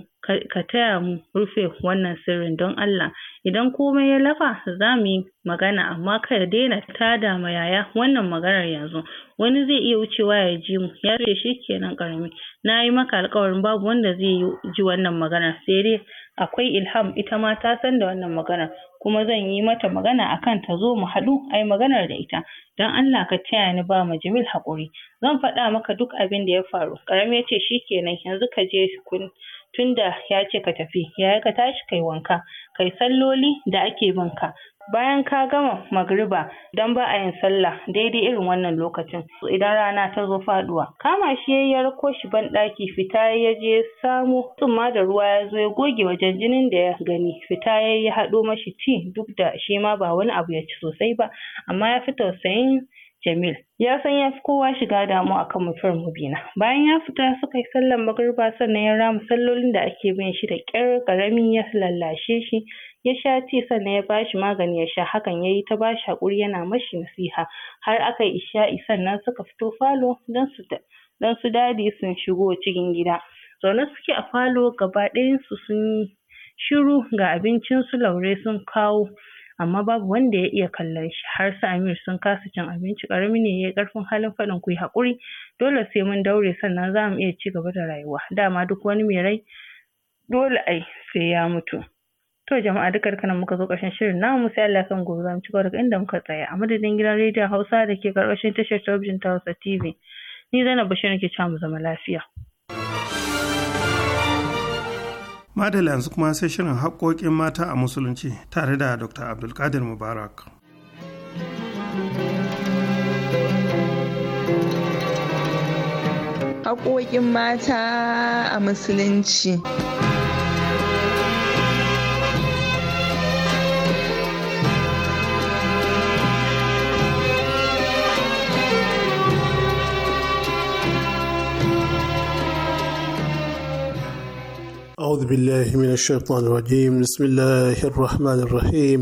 ka taya mu rufe wannan sirrin don Allah idan komai ya lafa za mu yi magana amma kar ya daina tada ma yaya wannan maganar yanzu wani zai iya wucewa ya ji mu ya ce shi ƙarami. Na yi maka alƙawarin babu wanda zai yi ji wannan maganar sai dai akwai Ilham ita ma ta san da wannan maganar kuma zan yi mata magana a kan ta zo mu haɗu yi maganar da ita don Allah ka taya ni ba ma Jamil haƙuri zan faɗa maka duk abin da ya faru ƙarami ya ce shi kenan, yanzu ka je tun tunda ya ce ka tafi yaya ka tashi ka yi wanka kai salloli da ake ka bayan ka gama magriba ba a yin sallah daidai irin wannan lokacin idan rana ta zo faɗuwa kama shi yayi ya rako shi banɗaki fita ya je ya samo tsumma da ruwa ya zo ya goge wajen jinin da ya gani fita yayi ya haɗo mashi ci duk da shima ba wani abu ya ci sosai ba amma ya fi tausayin Jamil ya san ya fi kowa shiga damuwa akan mutuwar Mubina. Bayan ya fita suka yi sallar magariba sannan ya ramu, sallolin da ake bin shi da ƙyar ƙarami ya lallashe shi ya sha tea sannan ya ba shi magani ya sha hakan ya yi ta ba shi haƙuri yana mashi nasiha har aka yi isha'i sannan suka fito falo don su don su dadi sun shigo cikin gida. Zaune suke a falo gaba ɗayan sun yi shiru ga abincin su Laure sun kawo amma babu wanda ya iya kallon shi har su Amir sun kasa cin abinci ƙarami ne ya yi ƙarfin halin faɗin kuyi yi haƙuri dole sai mun daure sannan za mu iya ci gaba da rayuwa dama duk wani mai rai dole ai sai ya mutu to jama'a duka duka nan muka zo ƙarshen shirin namu sai Allah kan gobe za mu ci gaba daga inda muka tsaya a madadin gidan rediyon Hausa da ke ƙarƙashin tashar talabijin ta Hausa TV ni Zainab Bashir nake cewa mu zama lafiya madala yanzu kuma sai shirin haƙoƙin mata a musulunci tare da dr abdulkadir mubarak haƙoƙin mata a musulunci أعوذ بالله من الشيطان الرجيم بسم الله الرحمن الرحيم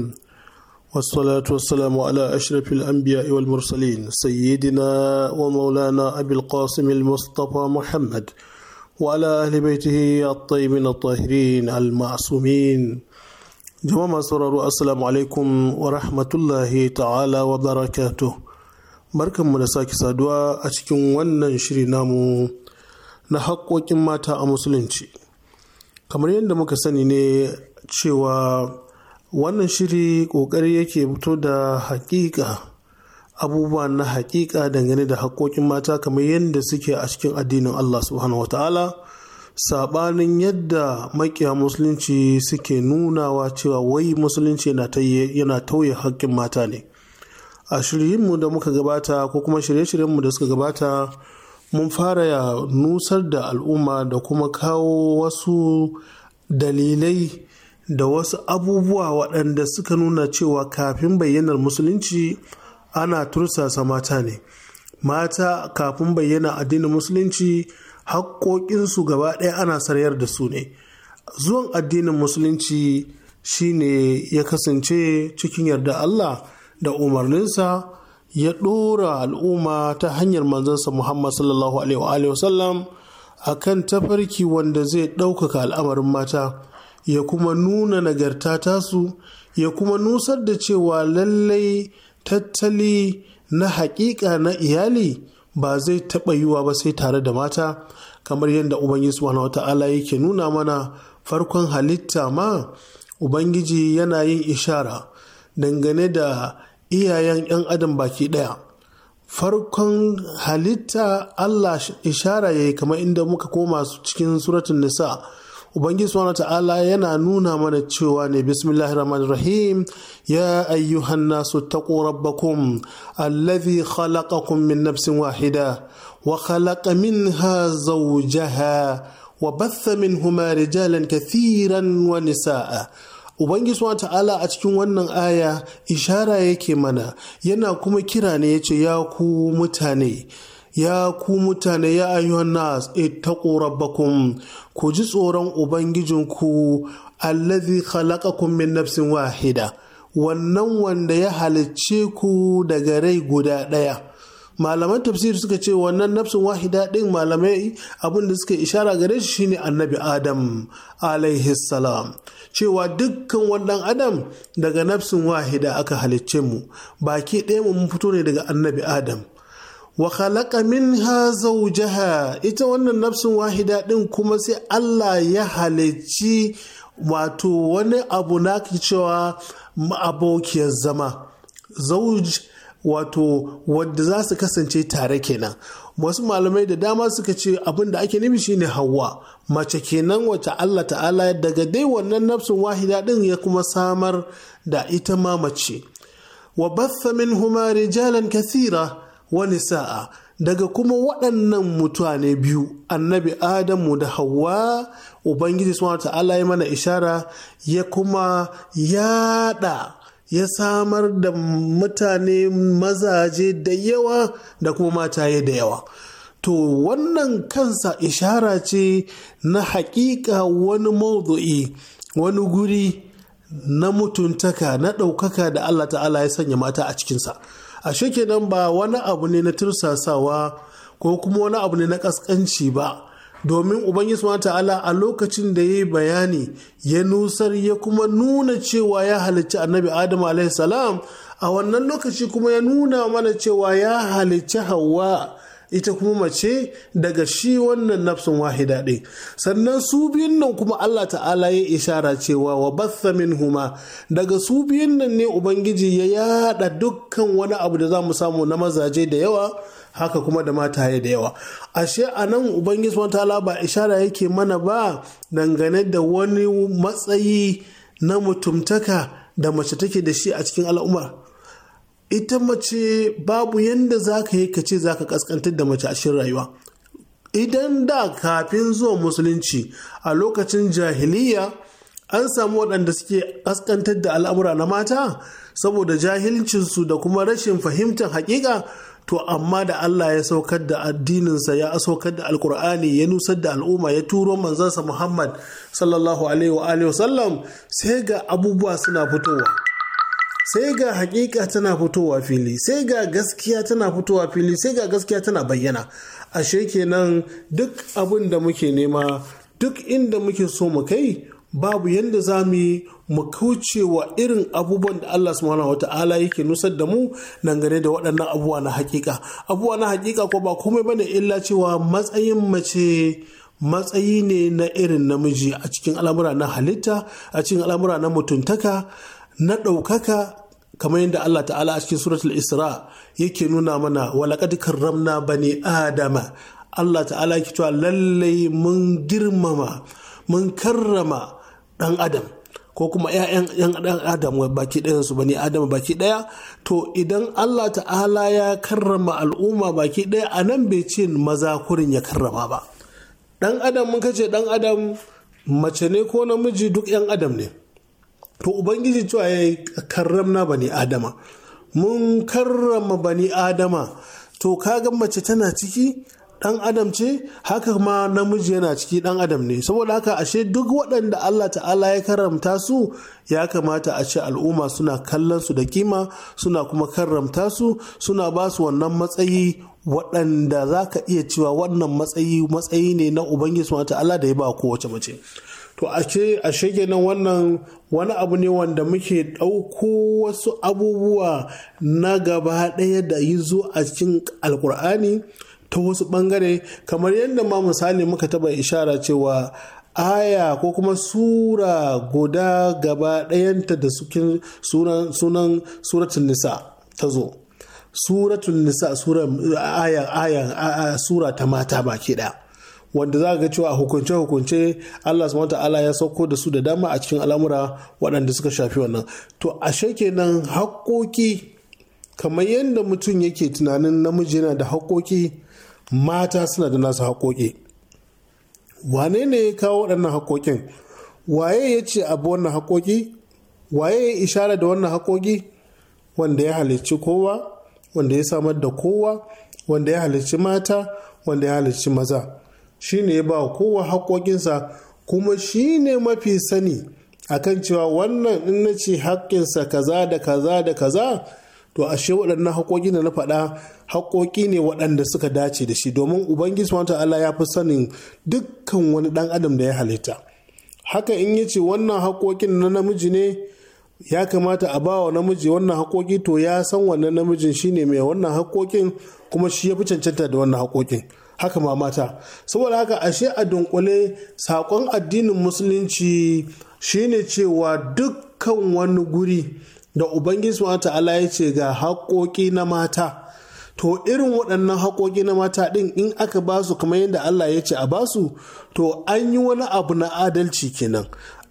والصلاة والسلام على أشرف الأنبياء والمرسلين سيدنا ومولانا أبي القاسم المصطفى محمد وعلى أهل بيته الطيبين الطاهرين المعصومين جماعة سرر السلام عليكم ورحمة الله تعالى وبركاته بركة مدساك سادوا أشكم وننشرنا na haƙoƙin mata a musulunci kamar yadda muka sani ne cewa wannan shiri kokari yake fito da hakika abubuwa na hakika dangane da haƙoƙin mata kamar yadda suke a cikin addinin Allah subhanahu wa ta'ala sabanin yadda makiya musulunci suke nunawa cewa wai musulunci yana tauye haƙƙin mata ne a shiryunmu da muka gabata ko kuma shirye-shiryenmu da suka gabata mun fara nusar da al'umma da kuma kawo wasu dalilai da wasu abubuwa waɗanda suka nuna cewa kafin bayyanar musulunci ana tursasa mata ne mata kafin bayyana addinin musulunci haƙoƙinsu gaba ɗaya ana sarayar da su ne zuwan addinin musulunci shine ya kasance cikin yarda allah da umarninsa ya ɗora al'umma ta hanyar manzansa Muhammad sallallahu Alaihi sallam a kan tafarki wanda zai ɗaukaka al'amarin mata ya kuma nuna nagarta tasu ya kuma nusar da cewa lallai tattali na haƙiƙa na iyali ba zai taɓa yiwa ba sai tare da mata kamar yadda Ubangiji subhanahu wata'ala yake nuna mana farkon halitta ma Ubangiji yana yin ishara dangane da iyayen 'yan adam baki ɗaya farkon halitta Allah ishara ya yi kamar inda muka koma cikin suratun nisa Ubangiji subhanahu ta'ala yana nuna mana cewa ne bismillahir rahmanir rahim ya ayyuhan nasu taqu rabbakum allazi khalaqakum min nafsin wahida wa khalaqa minha zawjaha wa batha minhuma rijalan kathiran wa nisaa Ubangiji ta'ala a cikin wannan aya ishara yake mana yana kuma kira ne yace ya ku mutane ya ku mutane ya ayyuhan nas ittaqu rabbakum ku ji tsoron ubangijinku allazi khalaqakum min nafsin wahida wannan wanda ya halicce ku daga rai guda daya" malaman tafsir suka ce wannan nafsin wahida ɗin malamai abin da suka ishara gare shi shine annabi adam alaihi salam cewa dukkan wannan adam daga nafsin wahida aka halicce mu baki ɗaya mu fito ne daga annabi adam wa khalaqa minha zawjaha ita wannan nafsin wahida ɗin kuma sai Allah ya halicci wato wani abu na cewa abokiyar zama zauj wato wadda za su kasance tare kenan wasu malamai da dama suka ce abin da ake nufi shine hawa mace kenan wacce Allah ta'ala daga dai wannan nafsin wahida din ya kuma samar da ita ma mace wa batha minhuma rijalan kathira wa nisa'a daga kuma waɗannan mutane biyu annabi adamu da hawa ubangiji subhanahu ta'ala ya mana ishara ya kuma yada ya samar da mutane mazaje da yawa da kuma mataye da yawa to wannan kansa ishara ce na haƙiƙa wani maudu'i wani guri na mutuntaka na ɗaukaka da Allah ta'ala ya sanya mata a cikinsa a kenan ba wani abu ne na tursasawa ko kuma wani abu ne na ƙasƙanci ba domin ubangiji wa ta'ala a lokacin da ya yi bayani ya nusar ya kuma nuna cewa ya halicci annabi adamu alaihi salam a wannan lokaci kuma ya nuna mana cewa ya halicci hawa ita kuma mace daga shi wannan nafsin wahida ɗin sannan su biyun nan kuma Allah ta'ala ya ishara cewa wa batha huma daga su biyun nan ne ubangiji ya yada dukkan wani abu da za mu samu na mazaje da yawa haka kuma da mata mataye da yawa ashe a nan ubangiji wata ba ishara yake mana ba dangane da wani matsayi na mutumtaka da mace take da shi a cikin al'umma ita mace babu yadda za ka yi ka ce za ka kaskantar da mace a cikin rayuwa idan da kafin zuwa musulunci a lokacin jahiliya an samu waɗanda suke kaskantar da al'amura na mata saboda jahilcinsu da kuma rashin fahimtar hakika to amma da Allah ya saukar da addininsa ya saukar da alkur'ani ya nusar da al'umma ya turo manzansa Muhammad sallallahu alaihi wa sallam sai ga abubuwa suna fitowa sai ga hakika tana fitowa fili sai ga gaskiya tana fitowa fili sai ga gaskiya tana bayyana ashe kenan duk abin da muke nema duk inda muke so mu kai babu yadda za mu yi mu kauce irin abubuwan da Allah subhanahu wa ta'ala yake nusar da mu dangane da waɗannan abubuwa na hakika abubuwa na hakika ko ba komai bane illa cewa matsayin mace matsayi ne na irin namiji a cikin al'amura na halitta a cikin al'amura na mutuntaka na ɗaukaka kamar yadda Allah ta'ala a cikin suratul isra yake nuna mana walaqad karramna bani adama Allah ta'ala yake cewa lallai mun girmama mun karrama ɗan adam ko kuma 'ya'yan ɗan adam baki ɗayansu bani adam baki ɗaya to idan allah ta'ala ya karrama al'umma baki ɗaya a nan bai ce maza kurin ya karrama ba ɗan adam mun kace ɗan adam mace ne ko namiji duk 'yan adam ne to ubangiji cewa ya karramna bani adama mun karrama bani adama to kaga mace tana ciki dan adam ce haka ma namiji yana ciki dan adam ne saboda haka ashe duk waɗanda Allah ta'ala ya karamta su ya kamata a ce al'umma suna kallon su da kima suna kuma karramta su suna ba su wannan matsayi waɗanda za ka iya cewa wannan matsayi matsayi ne na ubangiji ta'ala da ya ba kowace mace to ashe shege kenan wannan wani abu ne wanda muke ɗauko wasu abubuwa na gaba ɗaya da yi zo a cikin alkur'ani ta wasu bangare kamar yadda ma misali muka taba ishara cewa aya ko kuma sura guda gaba ɗayanta da sukin sunan suratun nisa ta zo suratun nisa sura aya sura ta mata baki ɗaya wanda za ga cewa a hukunce-hukunce Allah subhanahu ta'ala ya sauko da su da dama a cikin al'amura waɗanda suka shafi wannan to ashe kenan haƙoƙi kamar yadda mutum yake tunanin namiji yana da haƙoƙi mata suna da nasu haƙoƙi wane ne ya kawo waɗannan haƙoƙin waye ya ce abu wannan haƙoƙi waye ya ishara da wannan haƙoƙi wanda ya halicci kowa wanda ya samar da kowa wanda ya halicci mata wanda ya halicci maza shi ne ya ba kowa haƙoƙinsa kuma shi ne mafi sani akan cewa wannan in na ce haƙƙinsa kaza da kaza da kaza to ashe waɗannan haƙoƙi da na faɗa haƙoƙi ne waɗanda suka dace da shi domin ubangiji subhanahu Allah ya fi sanin dukkan wani ɗan adam da ya halitta haka in ya ce wannan haƙoƙin na namiji ne ya kamata a bawa wa namiji wannan haƙoƙi to ya san wannan namijin shine mai wannan haƙoƙin kuma shi ya fi cancanta da wannan haƙoƙin haka ma mata saboda haka ashe a dunkule saƙon addinin musulunci shine cewa dukkan wani guri da ubangiji wa ta'ala ya ce ga haƙoƙi na mata to irin waɗannan haƙoƙi na mata ɗin in aka ba su kamar yadda Allah ya ce a ba su to an yi wani abu na adalci kenan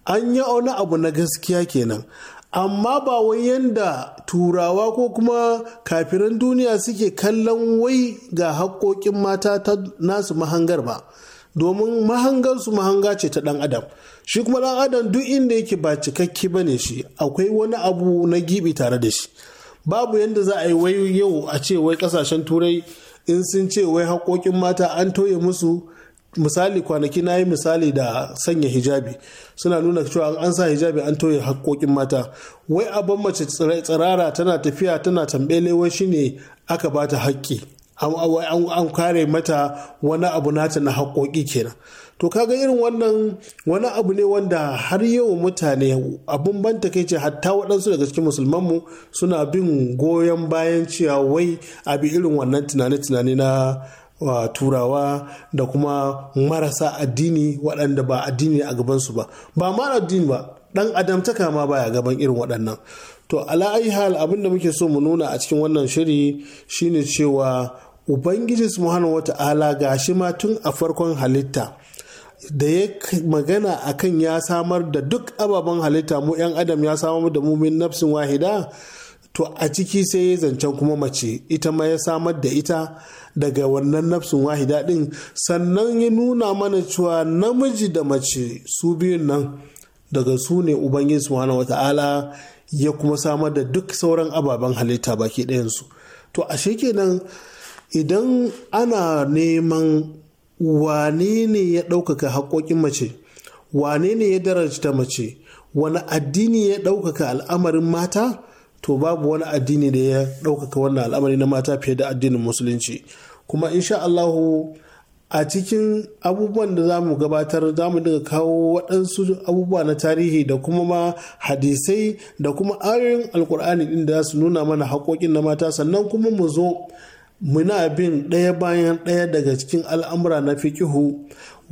an yi wani abu na gaskiya kenan amma ba wai yadda turawa ko kuma kafiran duniya suke kallon wai ga haƙoƙin mata ta nasu mahangar ba domin mahangarsu mahanga ce ta ɗan adam shi kuma ɗan adam duk inda yake ba cikakke ba ne shi akwai wani abu na gibi tare da shi babu yadda za a yi wai yau a ce wai kasashen turai in sun ce wai haƙoƙin mata an toye musu misali kwanaki na yi misali da sanya hijabi suna nuna cewa an sa hijabi an toye haƙoƙin mata wai abin mace tsirara tana tafiya tana tambele wai shine aka bata haƙƙi an kare mata wani abu nata na haƙoƙi kenan to kaga irin wannan wani abu ne wanda har yau mutane abun ban takaice hatta waɗansu daga cikin musulmanmu suna bin goyon bayan cewa wai abi irin wannan tunane-tunane na wa turawa da kuma marasa addini waɗanda ba addini a gabansu ba ba ma addini ba ɗan adamtaka ma baya gaban irin waɗannan to ala hal abin da muke so mu nuna a cikin wannan shiri shine cewa ubangiji subhanahu wata'ala ga shi ma tun a farkon halitta da ya magana akan ya samar da duk ababen halitta mu 'yan adam ya samar da mumin nafsin wahida to a ciki sai ya zancen kuma mace ita ma ya samar da ita daga wannan nafsin wahida din sannan ya nuna mana cewa namiji da mace su biyun nan daga su ne ubangiji subhanahu wata'ala ya kuma samar da duk sauran ababen halitta baki ɗayansu to ashe kenan idan ana neman wane ne ya ɗaukaka haƙoƙin mace wane ne ya darajta mace wani addini ya ɗaukaka al'amarin mata to babu wani addini da ya ɗaukaka wannan al'amari na mata fiye da addinin musulunci kuma insha Allahu a cikin abubuwan da za mu gabatar za mu daga kawo waɗansu abubuwa na tarihi da kuma ma hadisai da kuma ayoyin alkur'ani ɗin da su nuna mana haƙoƙin na mata sannan kuma mu zo muna bin ɗaya bayan ɗaya daga cikin al'amura na fikihu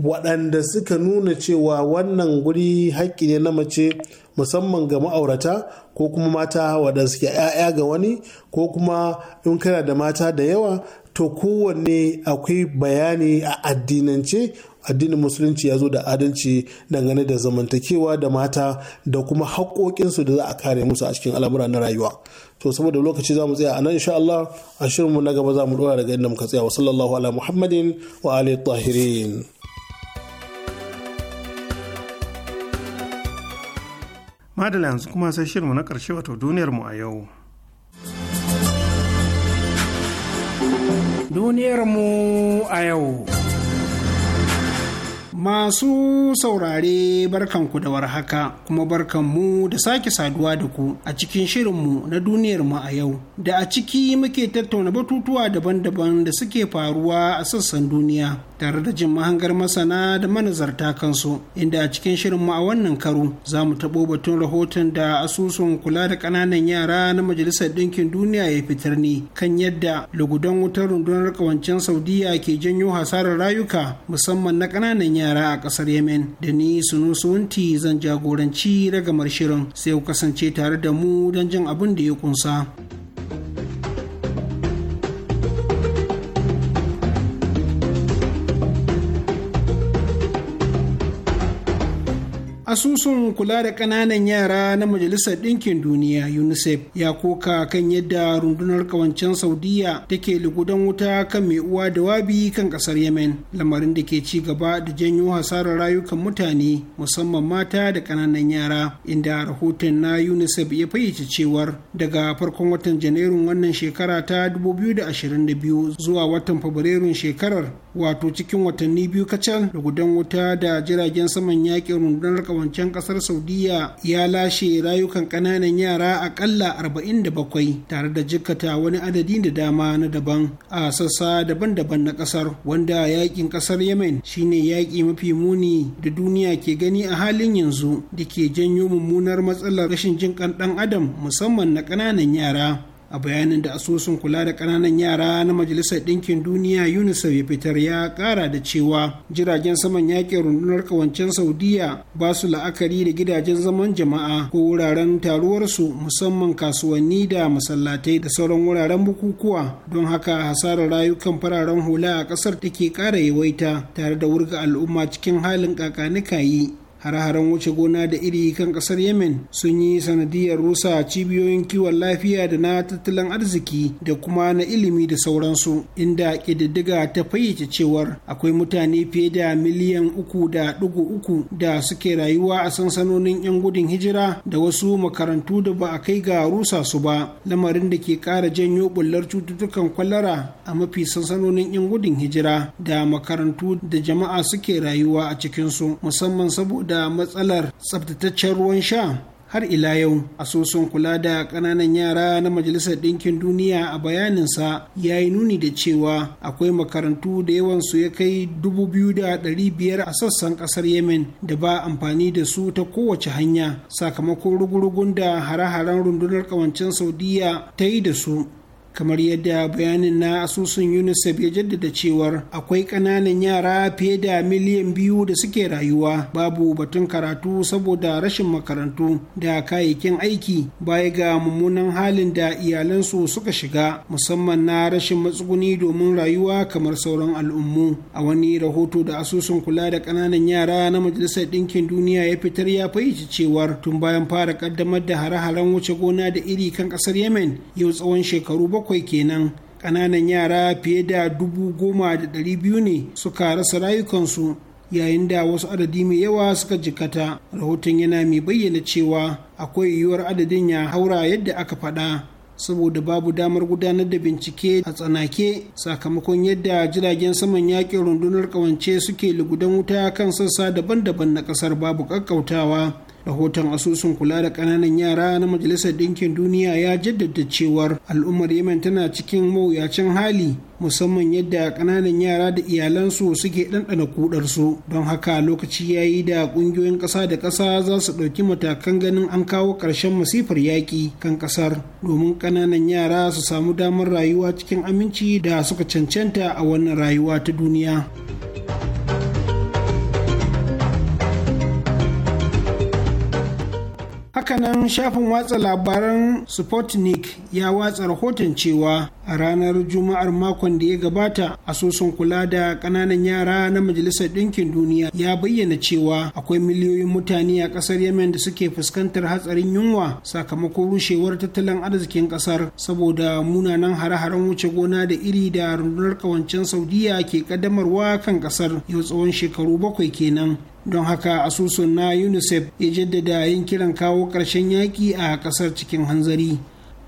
waɗanda suka nuna cewa wannan guri haƙƙi ne na mace musamman ga ma'aurata ko kuma mata waɗanda suke 'ya'ya ga wani ko kuma in kana da mata da yawa to kowanne akwai bayani a addinance addinin musulunci ya zo da adalci dangane da zamantakewa da mata da kuma haƙoƙinsu da za a kare musu a cikin al'amura na rayuwa to saboda lokaci za mu tsaya a nan insha Allah a shirinmu na gaba za mu dora daga inda muka tsaya wa sallallahu ala muhammadin wa alihi tahirin madala yanzu kuma sai shirinmu na karshe wato duniyar duniyarmu a yau mu a yau Masu saurare barkanku da warhaka kuma barkanmu da sake saduwa da ku a cikin shirinmu na duniyarmu a yau da a ciki muke tattauna batutuwa daban-daban da suke faruwa a sassan duniya tare da jin mahangar masana da manazarta kansu inda a cikin shirinmu a wannan karo za mu taɓo batun rahoton da asusun kula da ƙananan yara na majalisar ɗinkin duniya ya fitar ne kan yadda lugudan wutar rundunar ƙawancen saudiya ke janyo hasarar rayuka musamman na ƙananan yara yara a ƙasar yemen da ni sunu suwanti zan jagoranci ragamar shirin sai ku kasance tare da mu don jin abin da ya kunsa. asusun kula da ƙananan yara na majalisar ɗinkin duniya unicef ya koka kan yadda rundunar ƙawancen saudiya take lugudan wuta kan mai uwa da wabi kan ƙasar yemen lamarin da ke ci gaba da janyo hasarar rayukan mutane musamman mata da ƙananan yara inda rahoton na unicef ya fayyace cewar daga farkon watan janairun wannan shekara ta 2022 zuwa watan fabrairun shekarar wato cikin watanni biyu kacal da gudan wuta da jiragen saman yakin rundunar kawancen kasar saudiya ya lashe rayukan kananan yara akalla 47 tare da jikkata wani adadi da dama na daban a sassa daban-daban na kasar wanda yakin kasar yemen shine yaki mafi muni da duniya ke gani a halin yanzu da ke janyo mummunar matsalar rashin jin kan dan adam musamman na kananan yara a bayanin da asusun kula da ƙananan yara na majalisar ɗinkin duniya unicef ya fitar ya ƙara da cewa jiragen saman yaƙin rundunar ƙawancen saudiya ba su la'akari da gidajen zaman jama'a ko wuraren taruwarsu musamman kasuwanni da masallatai da sauran wuraren bukukuwa don haka hasarar rayukan fararen hula a ƙasar take ƙara yawaita tare da wurga al'umma cikin halin yi. hare haren wuce gona da iri kan kasar yemen sun yi sanadiyar rusa cibiyoyin kiwon lafiya da na tattalin arziki da kuma na ilimi da sauransu inda ƙididdiga ta fayyace cewar akwai mutane fiye da miliyan uku da ɗigo uku da suke rayuwa a sansanonin 'yan gudun hijira da wasu makarantu da ba a kai ga rusa su ba lamarin da ke ƙara janyo bullar cututtukan kwalara a mafi sansanonin 'yan gudun hijira da makarantu da jama'a suke rayuwa a cikinsu musamman saboda da matsalar tsabtataccen ruwan sha har ila yau asusun kula da ƙananan yara na majalisar ɗinkin duniya a bayaninsa ya yi nuni da cewa akwai makarantu da yawan su ya kai 2,500 a sassan ƙasar yemen da ba amfani da su ta kowace hanya sakamakon rugurugun da hare-haren rundunar ƙawancen saudiya ta yi da su kamar yadda bayanin na asusun unicef ya jaddada cewar akwai ƙananan yara fiye da miliyan biyu da suke rayuwa babu batun karatu saboda rashin makarantu da kayayyakin aiki baya ga mummunan halin da iyalansu suka shiga musamman na rashin matsuguni domin rayuwa kamar sauran al'ummu a wani rahoto da asusun kula da ƙananan yara na majalisar ɗinkin duniya ya fitar ya fahimci cewar tun bayan fara ƙaddamar da hare-haren wuce gona da iri kan ƙasar yemen yau tsawon shekaru bakwai bakwai kenan ƙananan yara fiye da dubu goma da ɗari biyu ne suka rasa rayukansu yayin da wasu adadi mai yawa suka jikata rahoton yana mai bayyana cewa akwai yiwuwar adadin ya haura yadda aka faɗa saboda babu damar gudanar da bincike a tsanake sakamakon yadda jiragen saman yakin rundunar kawance suke lugudan wuta kan sassa daban-daban na kasar babu kakkautawa rahoton asusun kula da kananan yara na majalisar ɗinkin duniya ya jaddada cewar al'ummar yemen tana cikin mawuyacin hali musamman yadda kananan yara da iyalansu suke ɗanɗana kudarsu don haka lokaci ya yi da ƙungiyoyin ƙasa da ƙasa za su ɗauki matakan ganin an kawo ƙarshen masifar yaƙi kan ƙasar domin ƙananan yara su samu damar rayuwa cikin aminci da suka cancanta a wannan rayuwa ta duniya. hakanan shafin watsa labaran sputnik ya watsa rahoton cewa a ranar juma'ar makon da ya gabata asusun kula da kananan yara na majalisar ɗinkin duniya ya bayyana cewa akwai miliyoyin mutane a ƙasar yemen da suke fuskantar hatsarin yunwa sakamakon rushewar tattalin arzikin ƙasar saboda munanan hare-haren wuce gona da iri da rundunar ƙawancen saudiya ke ƙaddamarwa kan ƙasar yau tsawon shekaru bakwai kenan don haka asusun na unicef ya jaddada yin kiran kawo ƙarshen yaƙi a ƙasar cikin hanzari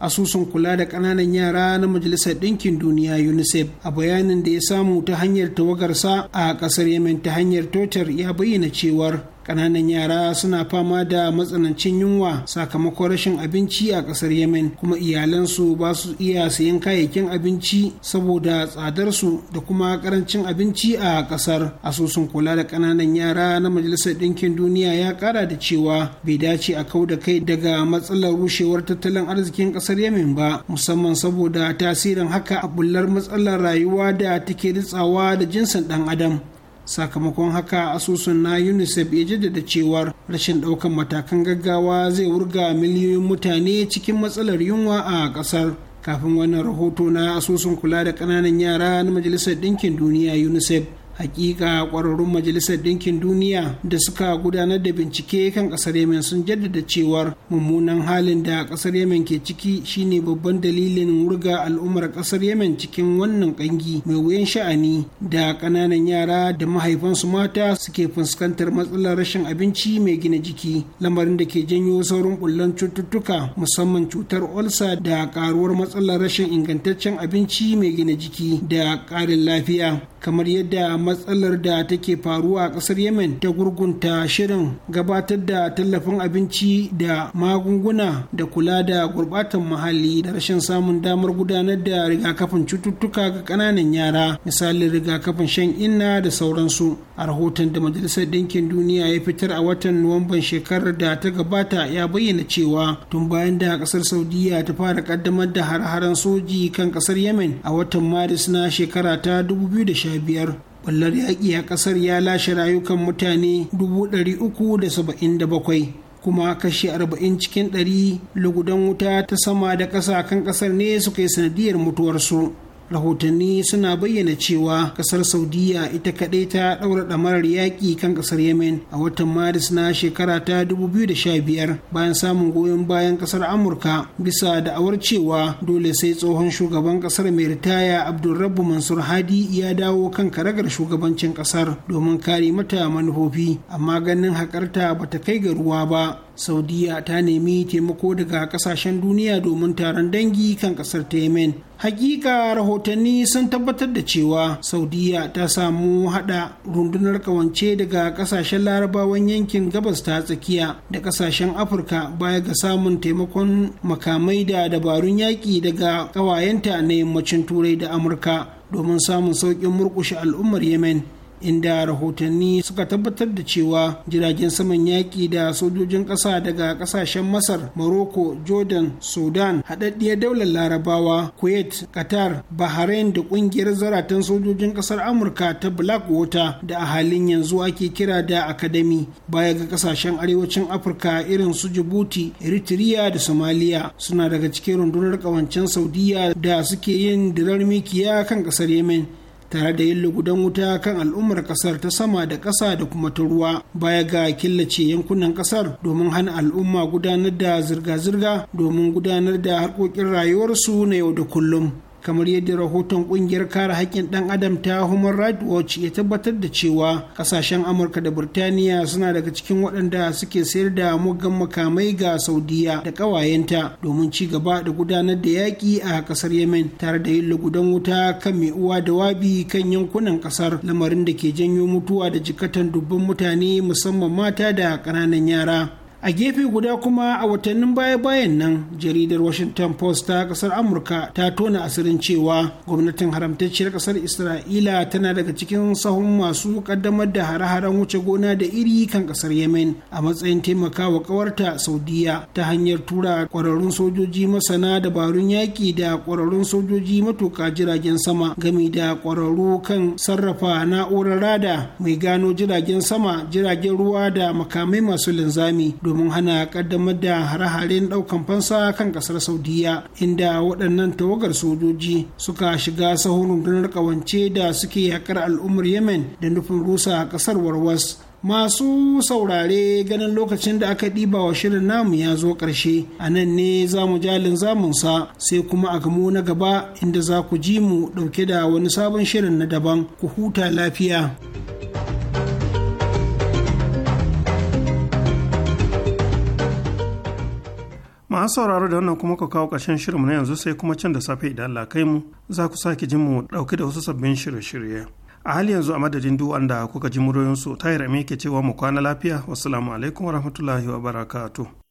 asusun kula da ƙananan yara na majalisar ɗinkin duniya unicef a bayanin da ya samu ta hanyar tawagarsa a ƙasar yemen ta hanyar totar ya bayyana cewar kananan yara suna fama da matsanancin yunwa sakamakon rashin abinci a ƙasar yemen kuma iyalansu ba su iya sayan kayayyakin abinci saboda tsadarsu da kuma karancin abinci a ƙasar. asusun kula da kananan yara na majalisar ɗinkin duniya ya ƙara da cewa bai dace a kau da kai daga matsalar rushewar tattalin arzikin ƙasar yemen ba musamman saboda tasirin haka a bullar matsalar rayuwa da take ritsawa da jinsin ɗan adam sakamakon haka asusun na unicef ya jaddada cewar rashin daukan matakan gaggawa zai wurga miliyoyin mutane cikin matsalar yunwa a kasar kafin wannan rahoto na asusun kula da ƙananan yara na majalisar ɗinkin duniya unicef hakika kwararrun majalisar ɗinkin duniya da suka gudanar da bincike kan ƙasar yemen sun jaddada cewar mummunan halin da ƙasar yemen ke ciki shine babban dalilin wurga al'ummar ƙasar yemen cikin wannan ƙangi mai wuyan sha'ani da ƙananan yara da mahaifansu mata suke fuskantar matsalar rashin abinci mai gina jiki lamarin da ke janyo saurin bullan cututtuka musamman cutar olsa da karuwar matsalar rashin ingantaccen abinci mai gina jiki da ƙarin lafiya kamar yadda matsalar da take faruwa a ƙasar yemen ta gurgunta shirin gabatar da tallafin abinci da magunguna da kula da gurbatan muhalli da rashin samun damar gudanar da rigakafin cututtuka ga ƙananan yara misalin rigakafin shan inna da sauransu a rahoton da majalisar ɗinkin duniya ya fitar a watan nuwamban shekarar da ta gabata ya bayyana cewa tun bayan da kasar saudiya ta fara kaddamar da har-haren soji kan kasar yemen a watan maris na shekara ta 2015 Ballar yaƙi a ƙasar ya lashe rayukan mutane 377 kuma kashe 40 cikin 100 lugudan wuta ta sama da ƙasa kan ƙasar ne suka yi sanadiyar mutuwarsu. rahotanni suna bayyana cewa kasar saudiya ita kadai ta ɗaura ɗamarar yaƙi kan ƙasar yemen a watan maris na shekara ta 2015 bayan samun goyon bayan ƙasar amurka bisa da'awar cewa dole sai tsohon shugaban ƙasar mai ritaya abdulrabu mansur hadi ya dawo kan karagar shugabancin ƙasar domin kare mata manufofi amma ganin haƙarta bata kai ga ruwa ba saudiya ta nemi taimako daga kasashen duniya domin taron dangi kan kasar ta yemen hakika rahotanni sun tabbatar da cewa saudiya ta samu hada rundunar kawance daga kasashen larabawan yankin gabas ta tsakiya da kasashen afirka baya ga samun taimakon makamai da dabarun yaƙi daga kawayenta na yammacin turai da amurka domin samun sauƙin murƙushe al'ummar yemen inda rahotanni suka tabbatar da cewa jiragen saman yaƙi da sojojin ƙasa daga ƙasashen masar morocco jordan sudan haɗaɗɗiyar daular larabawa kuwait qatar bahrain da ƙungiyar zaratan sojojin ƙasar amurka ta black water da a halin yanzu ake kira da academy baya ga ƙasashen arewacin afirka irin su djibouti eritrea da somalia suna daga cikin rundunar ƙawancen saudiya da suke yin dirar mikiya kan ƙasar yemen tare da yin lugudan wuta kan al'ummar kasar ta sama da ƙasa da kuma ta ruwa baya ga killace yankunan kasar domin hana al'umma gudanar da zirga-zirga domin gudanar da harkokin rayuwarsu na yau da kullum kamar yadda rahoton kungiyar kare haƙƙin ɗan adam ta human rights watch ya tabbatar da cewa ƙasashen amurka da burtaniya suna daga cikin waɗanda suke sayar da muggan makamai ga saudiya da ƙawayenta domin ci gaba da gudanar da yaƙi a ƙasar yemen tare da yin lugudan wuta kan mai uwa da wabi kan yankunan ƙasar lamarin da ke janyo mutuwa da jikatan dubban mutane musamman mata da ƙananan yara a gefe guda kuma a watannin baya-bayan nan jaridar washington post ta kasar amurka ta tona asirin cewa gwamnatin haramtacciyar kasar isra'ila tana daga cikin sahun masu kaddamar da hare-haren wuce gona da iri kan kasar yemen a matsayin taimakawa kawarta saudiya ta hanyar tura kwararrun sojoji masana dabarun yaƙi da kwararrun sojoji matuka jiragen sama gami da kwararru kan sarrafa na'urar rada mai gano jiragen sama jiragen ruwa da makamai masu linzami domin hana kaddamar da hare-haren daukan fansa kan kasar saudiya inda waɗannan tawagar sojoji suka shiga sahun rundunar kawance da suke yakar al'ummar yemen da nufin rusa a kasar warwas masu saurare ganin lokacin da aka ɗiba wa shirin namu ya zo ƙarshe a nan ne za mu jalin zamunsa sai kuma a gamo na gaba inda za ku ji mu ɗauke da wani sabon shirin na daban ku huta lafiya. masu sauraro da wannan kuma ka kawo ƙarshen shirinmu na yanzu sai kuma can da safe idan Allah kai mu za ku sake jin mu ɗauke da wasu sabbin shirye-shirye a hali yanzu a madadin duk wanda kuka ji muryoyinsu tayar ke cewa mu kwana lafiya wassalamu alaikum wa wabarakatuh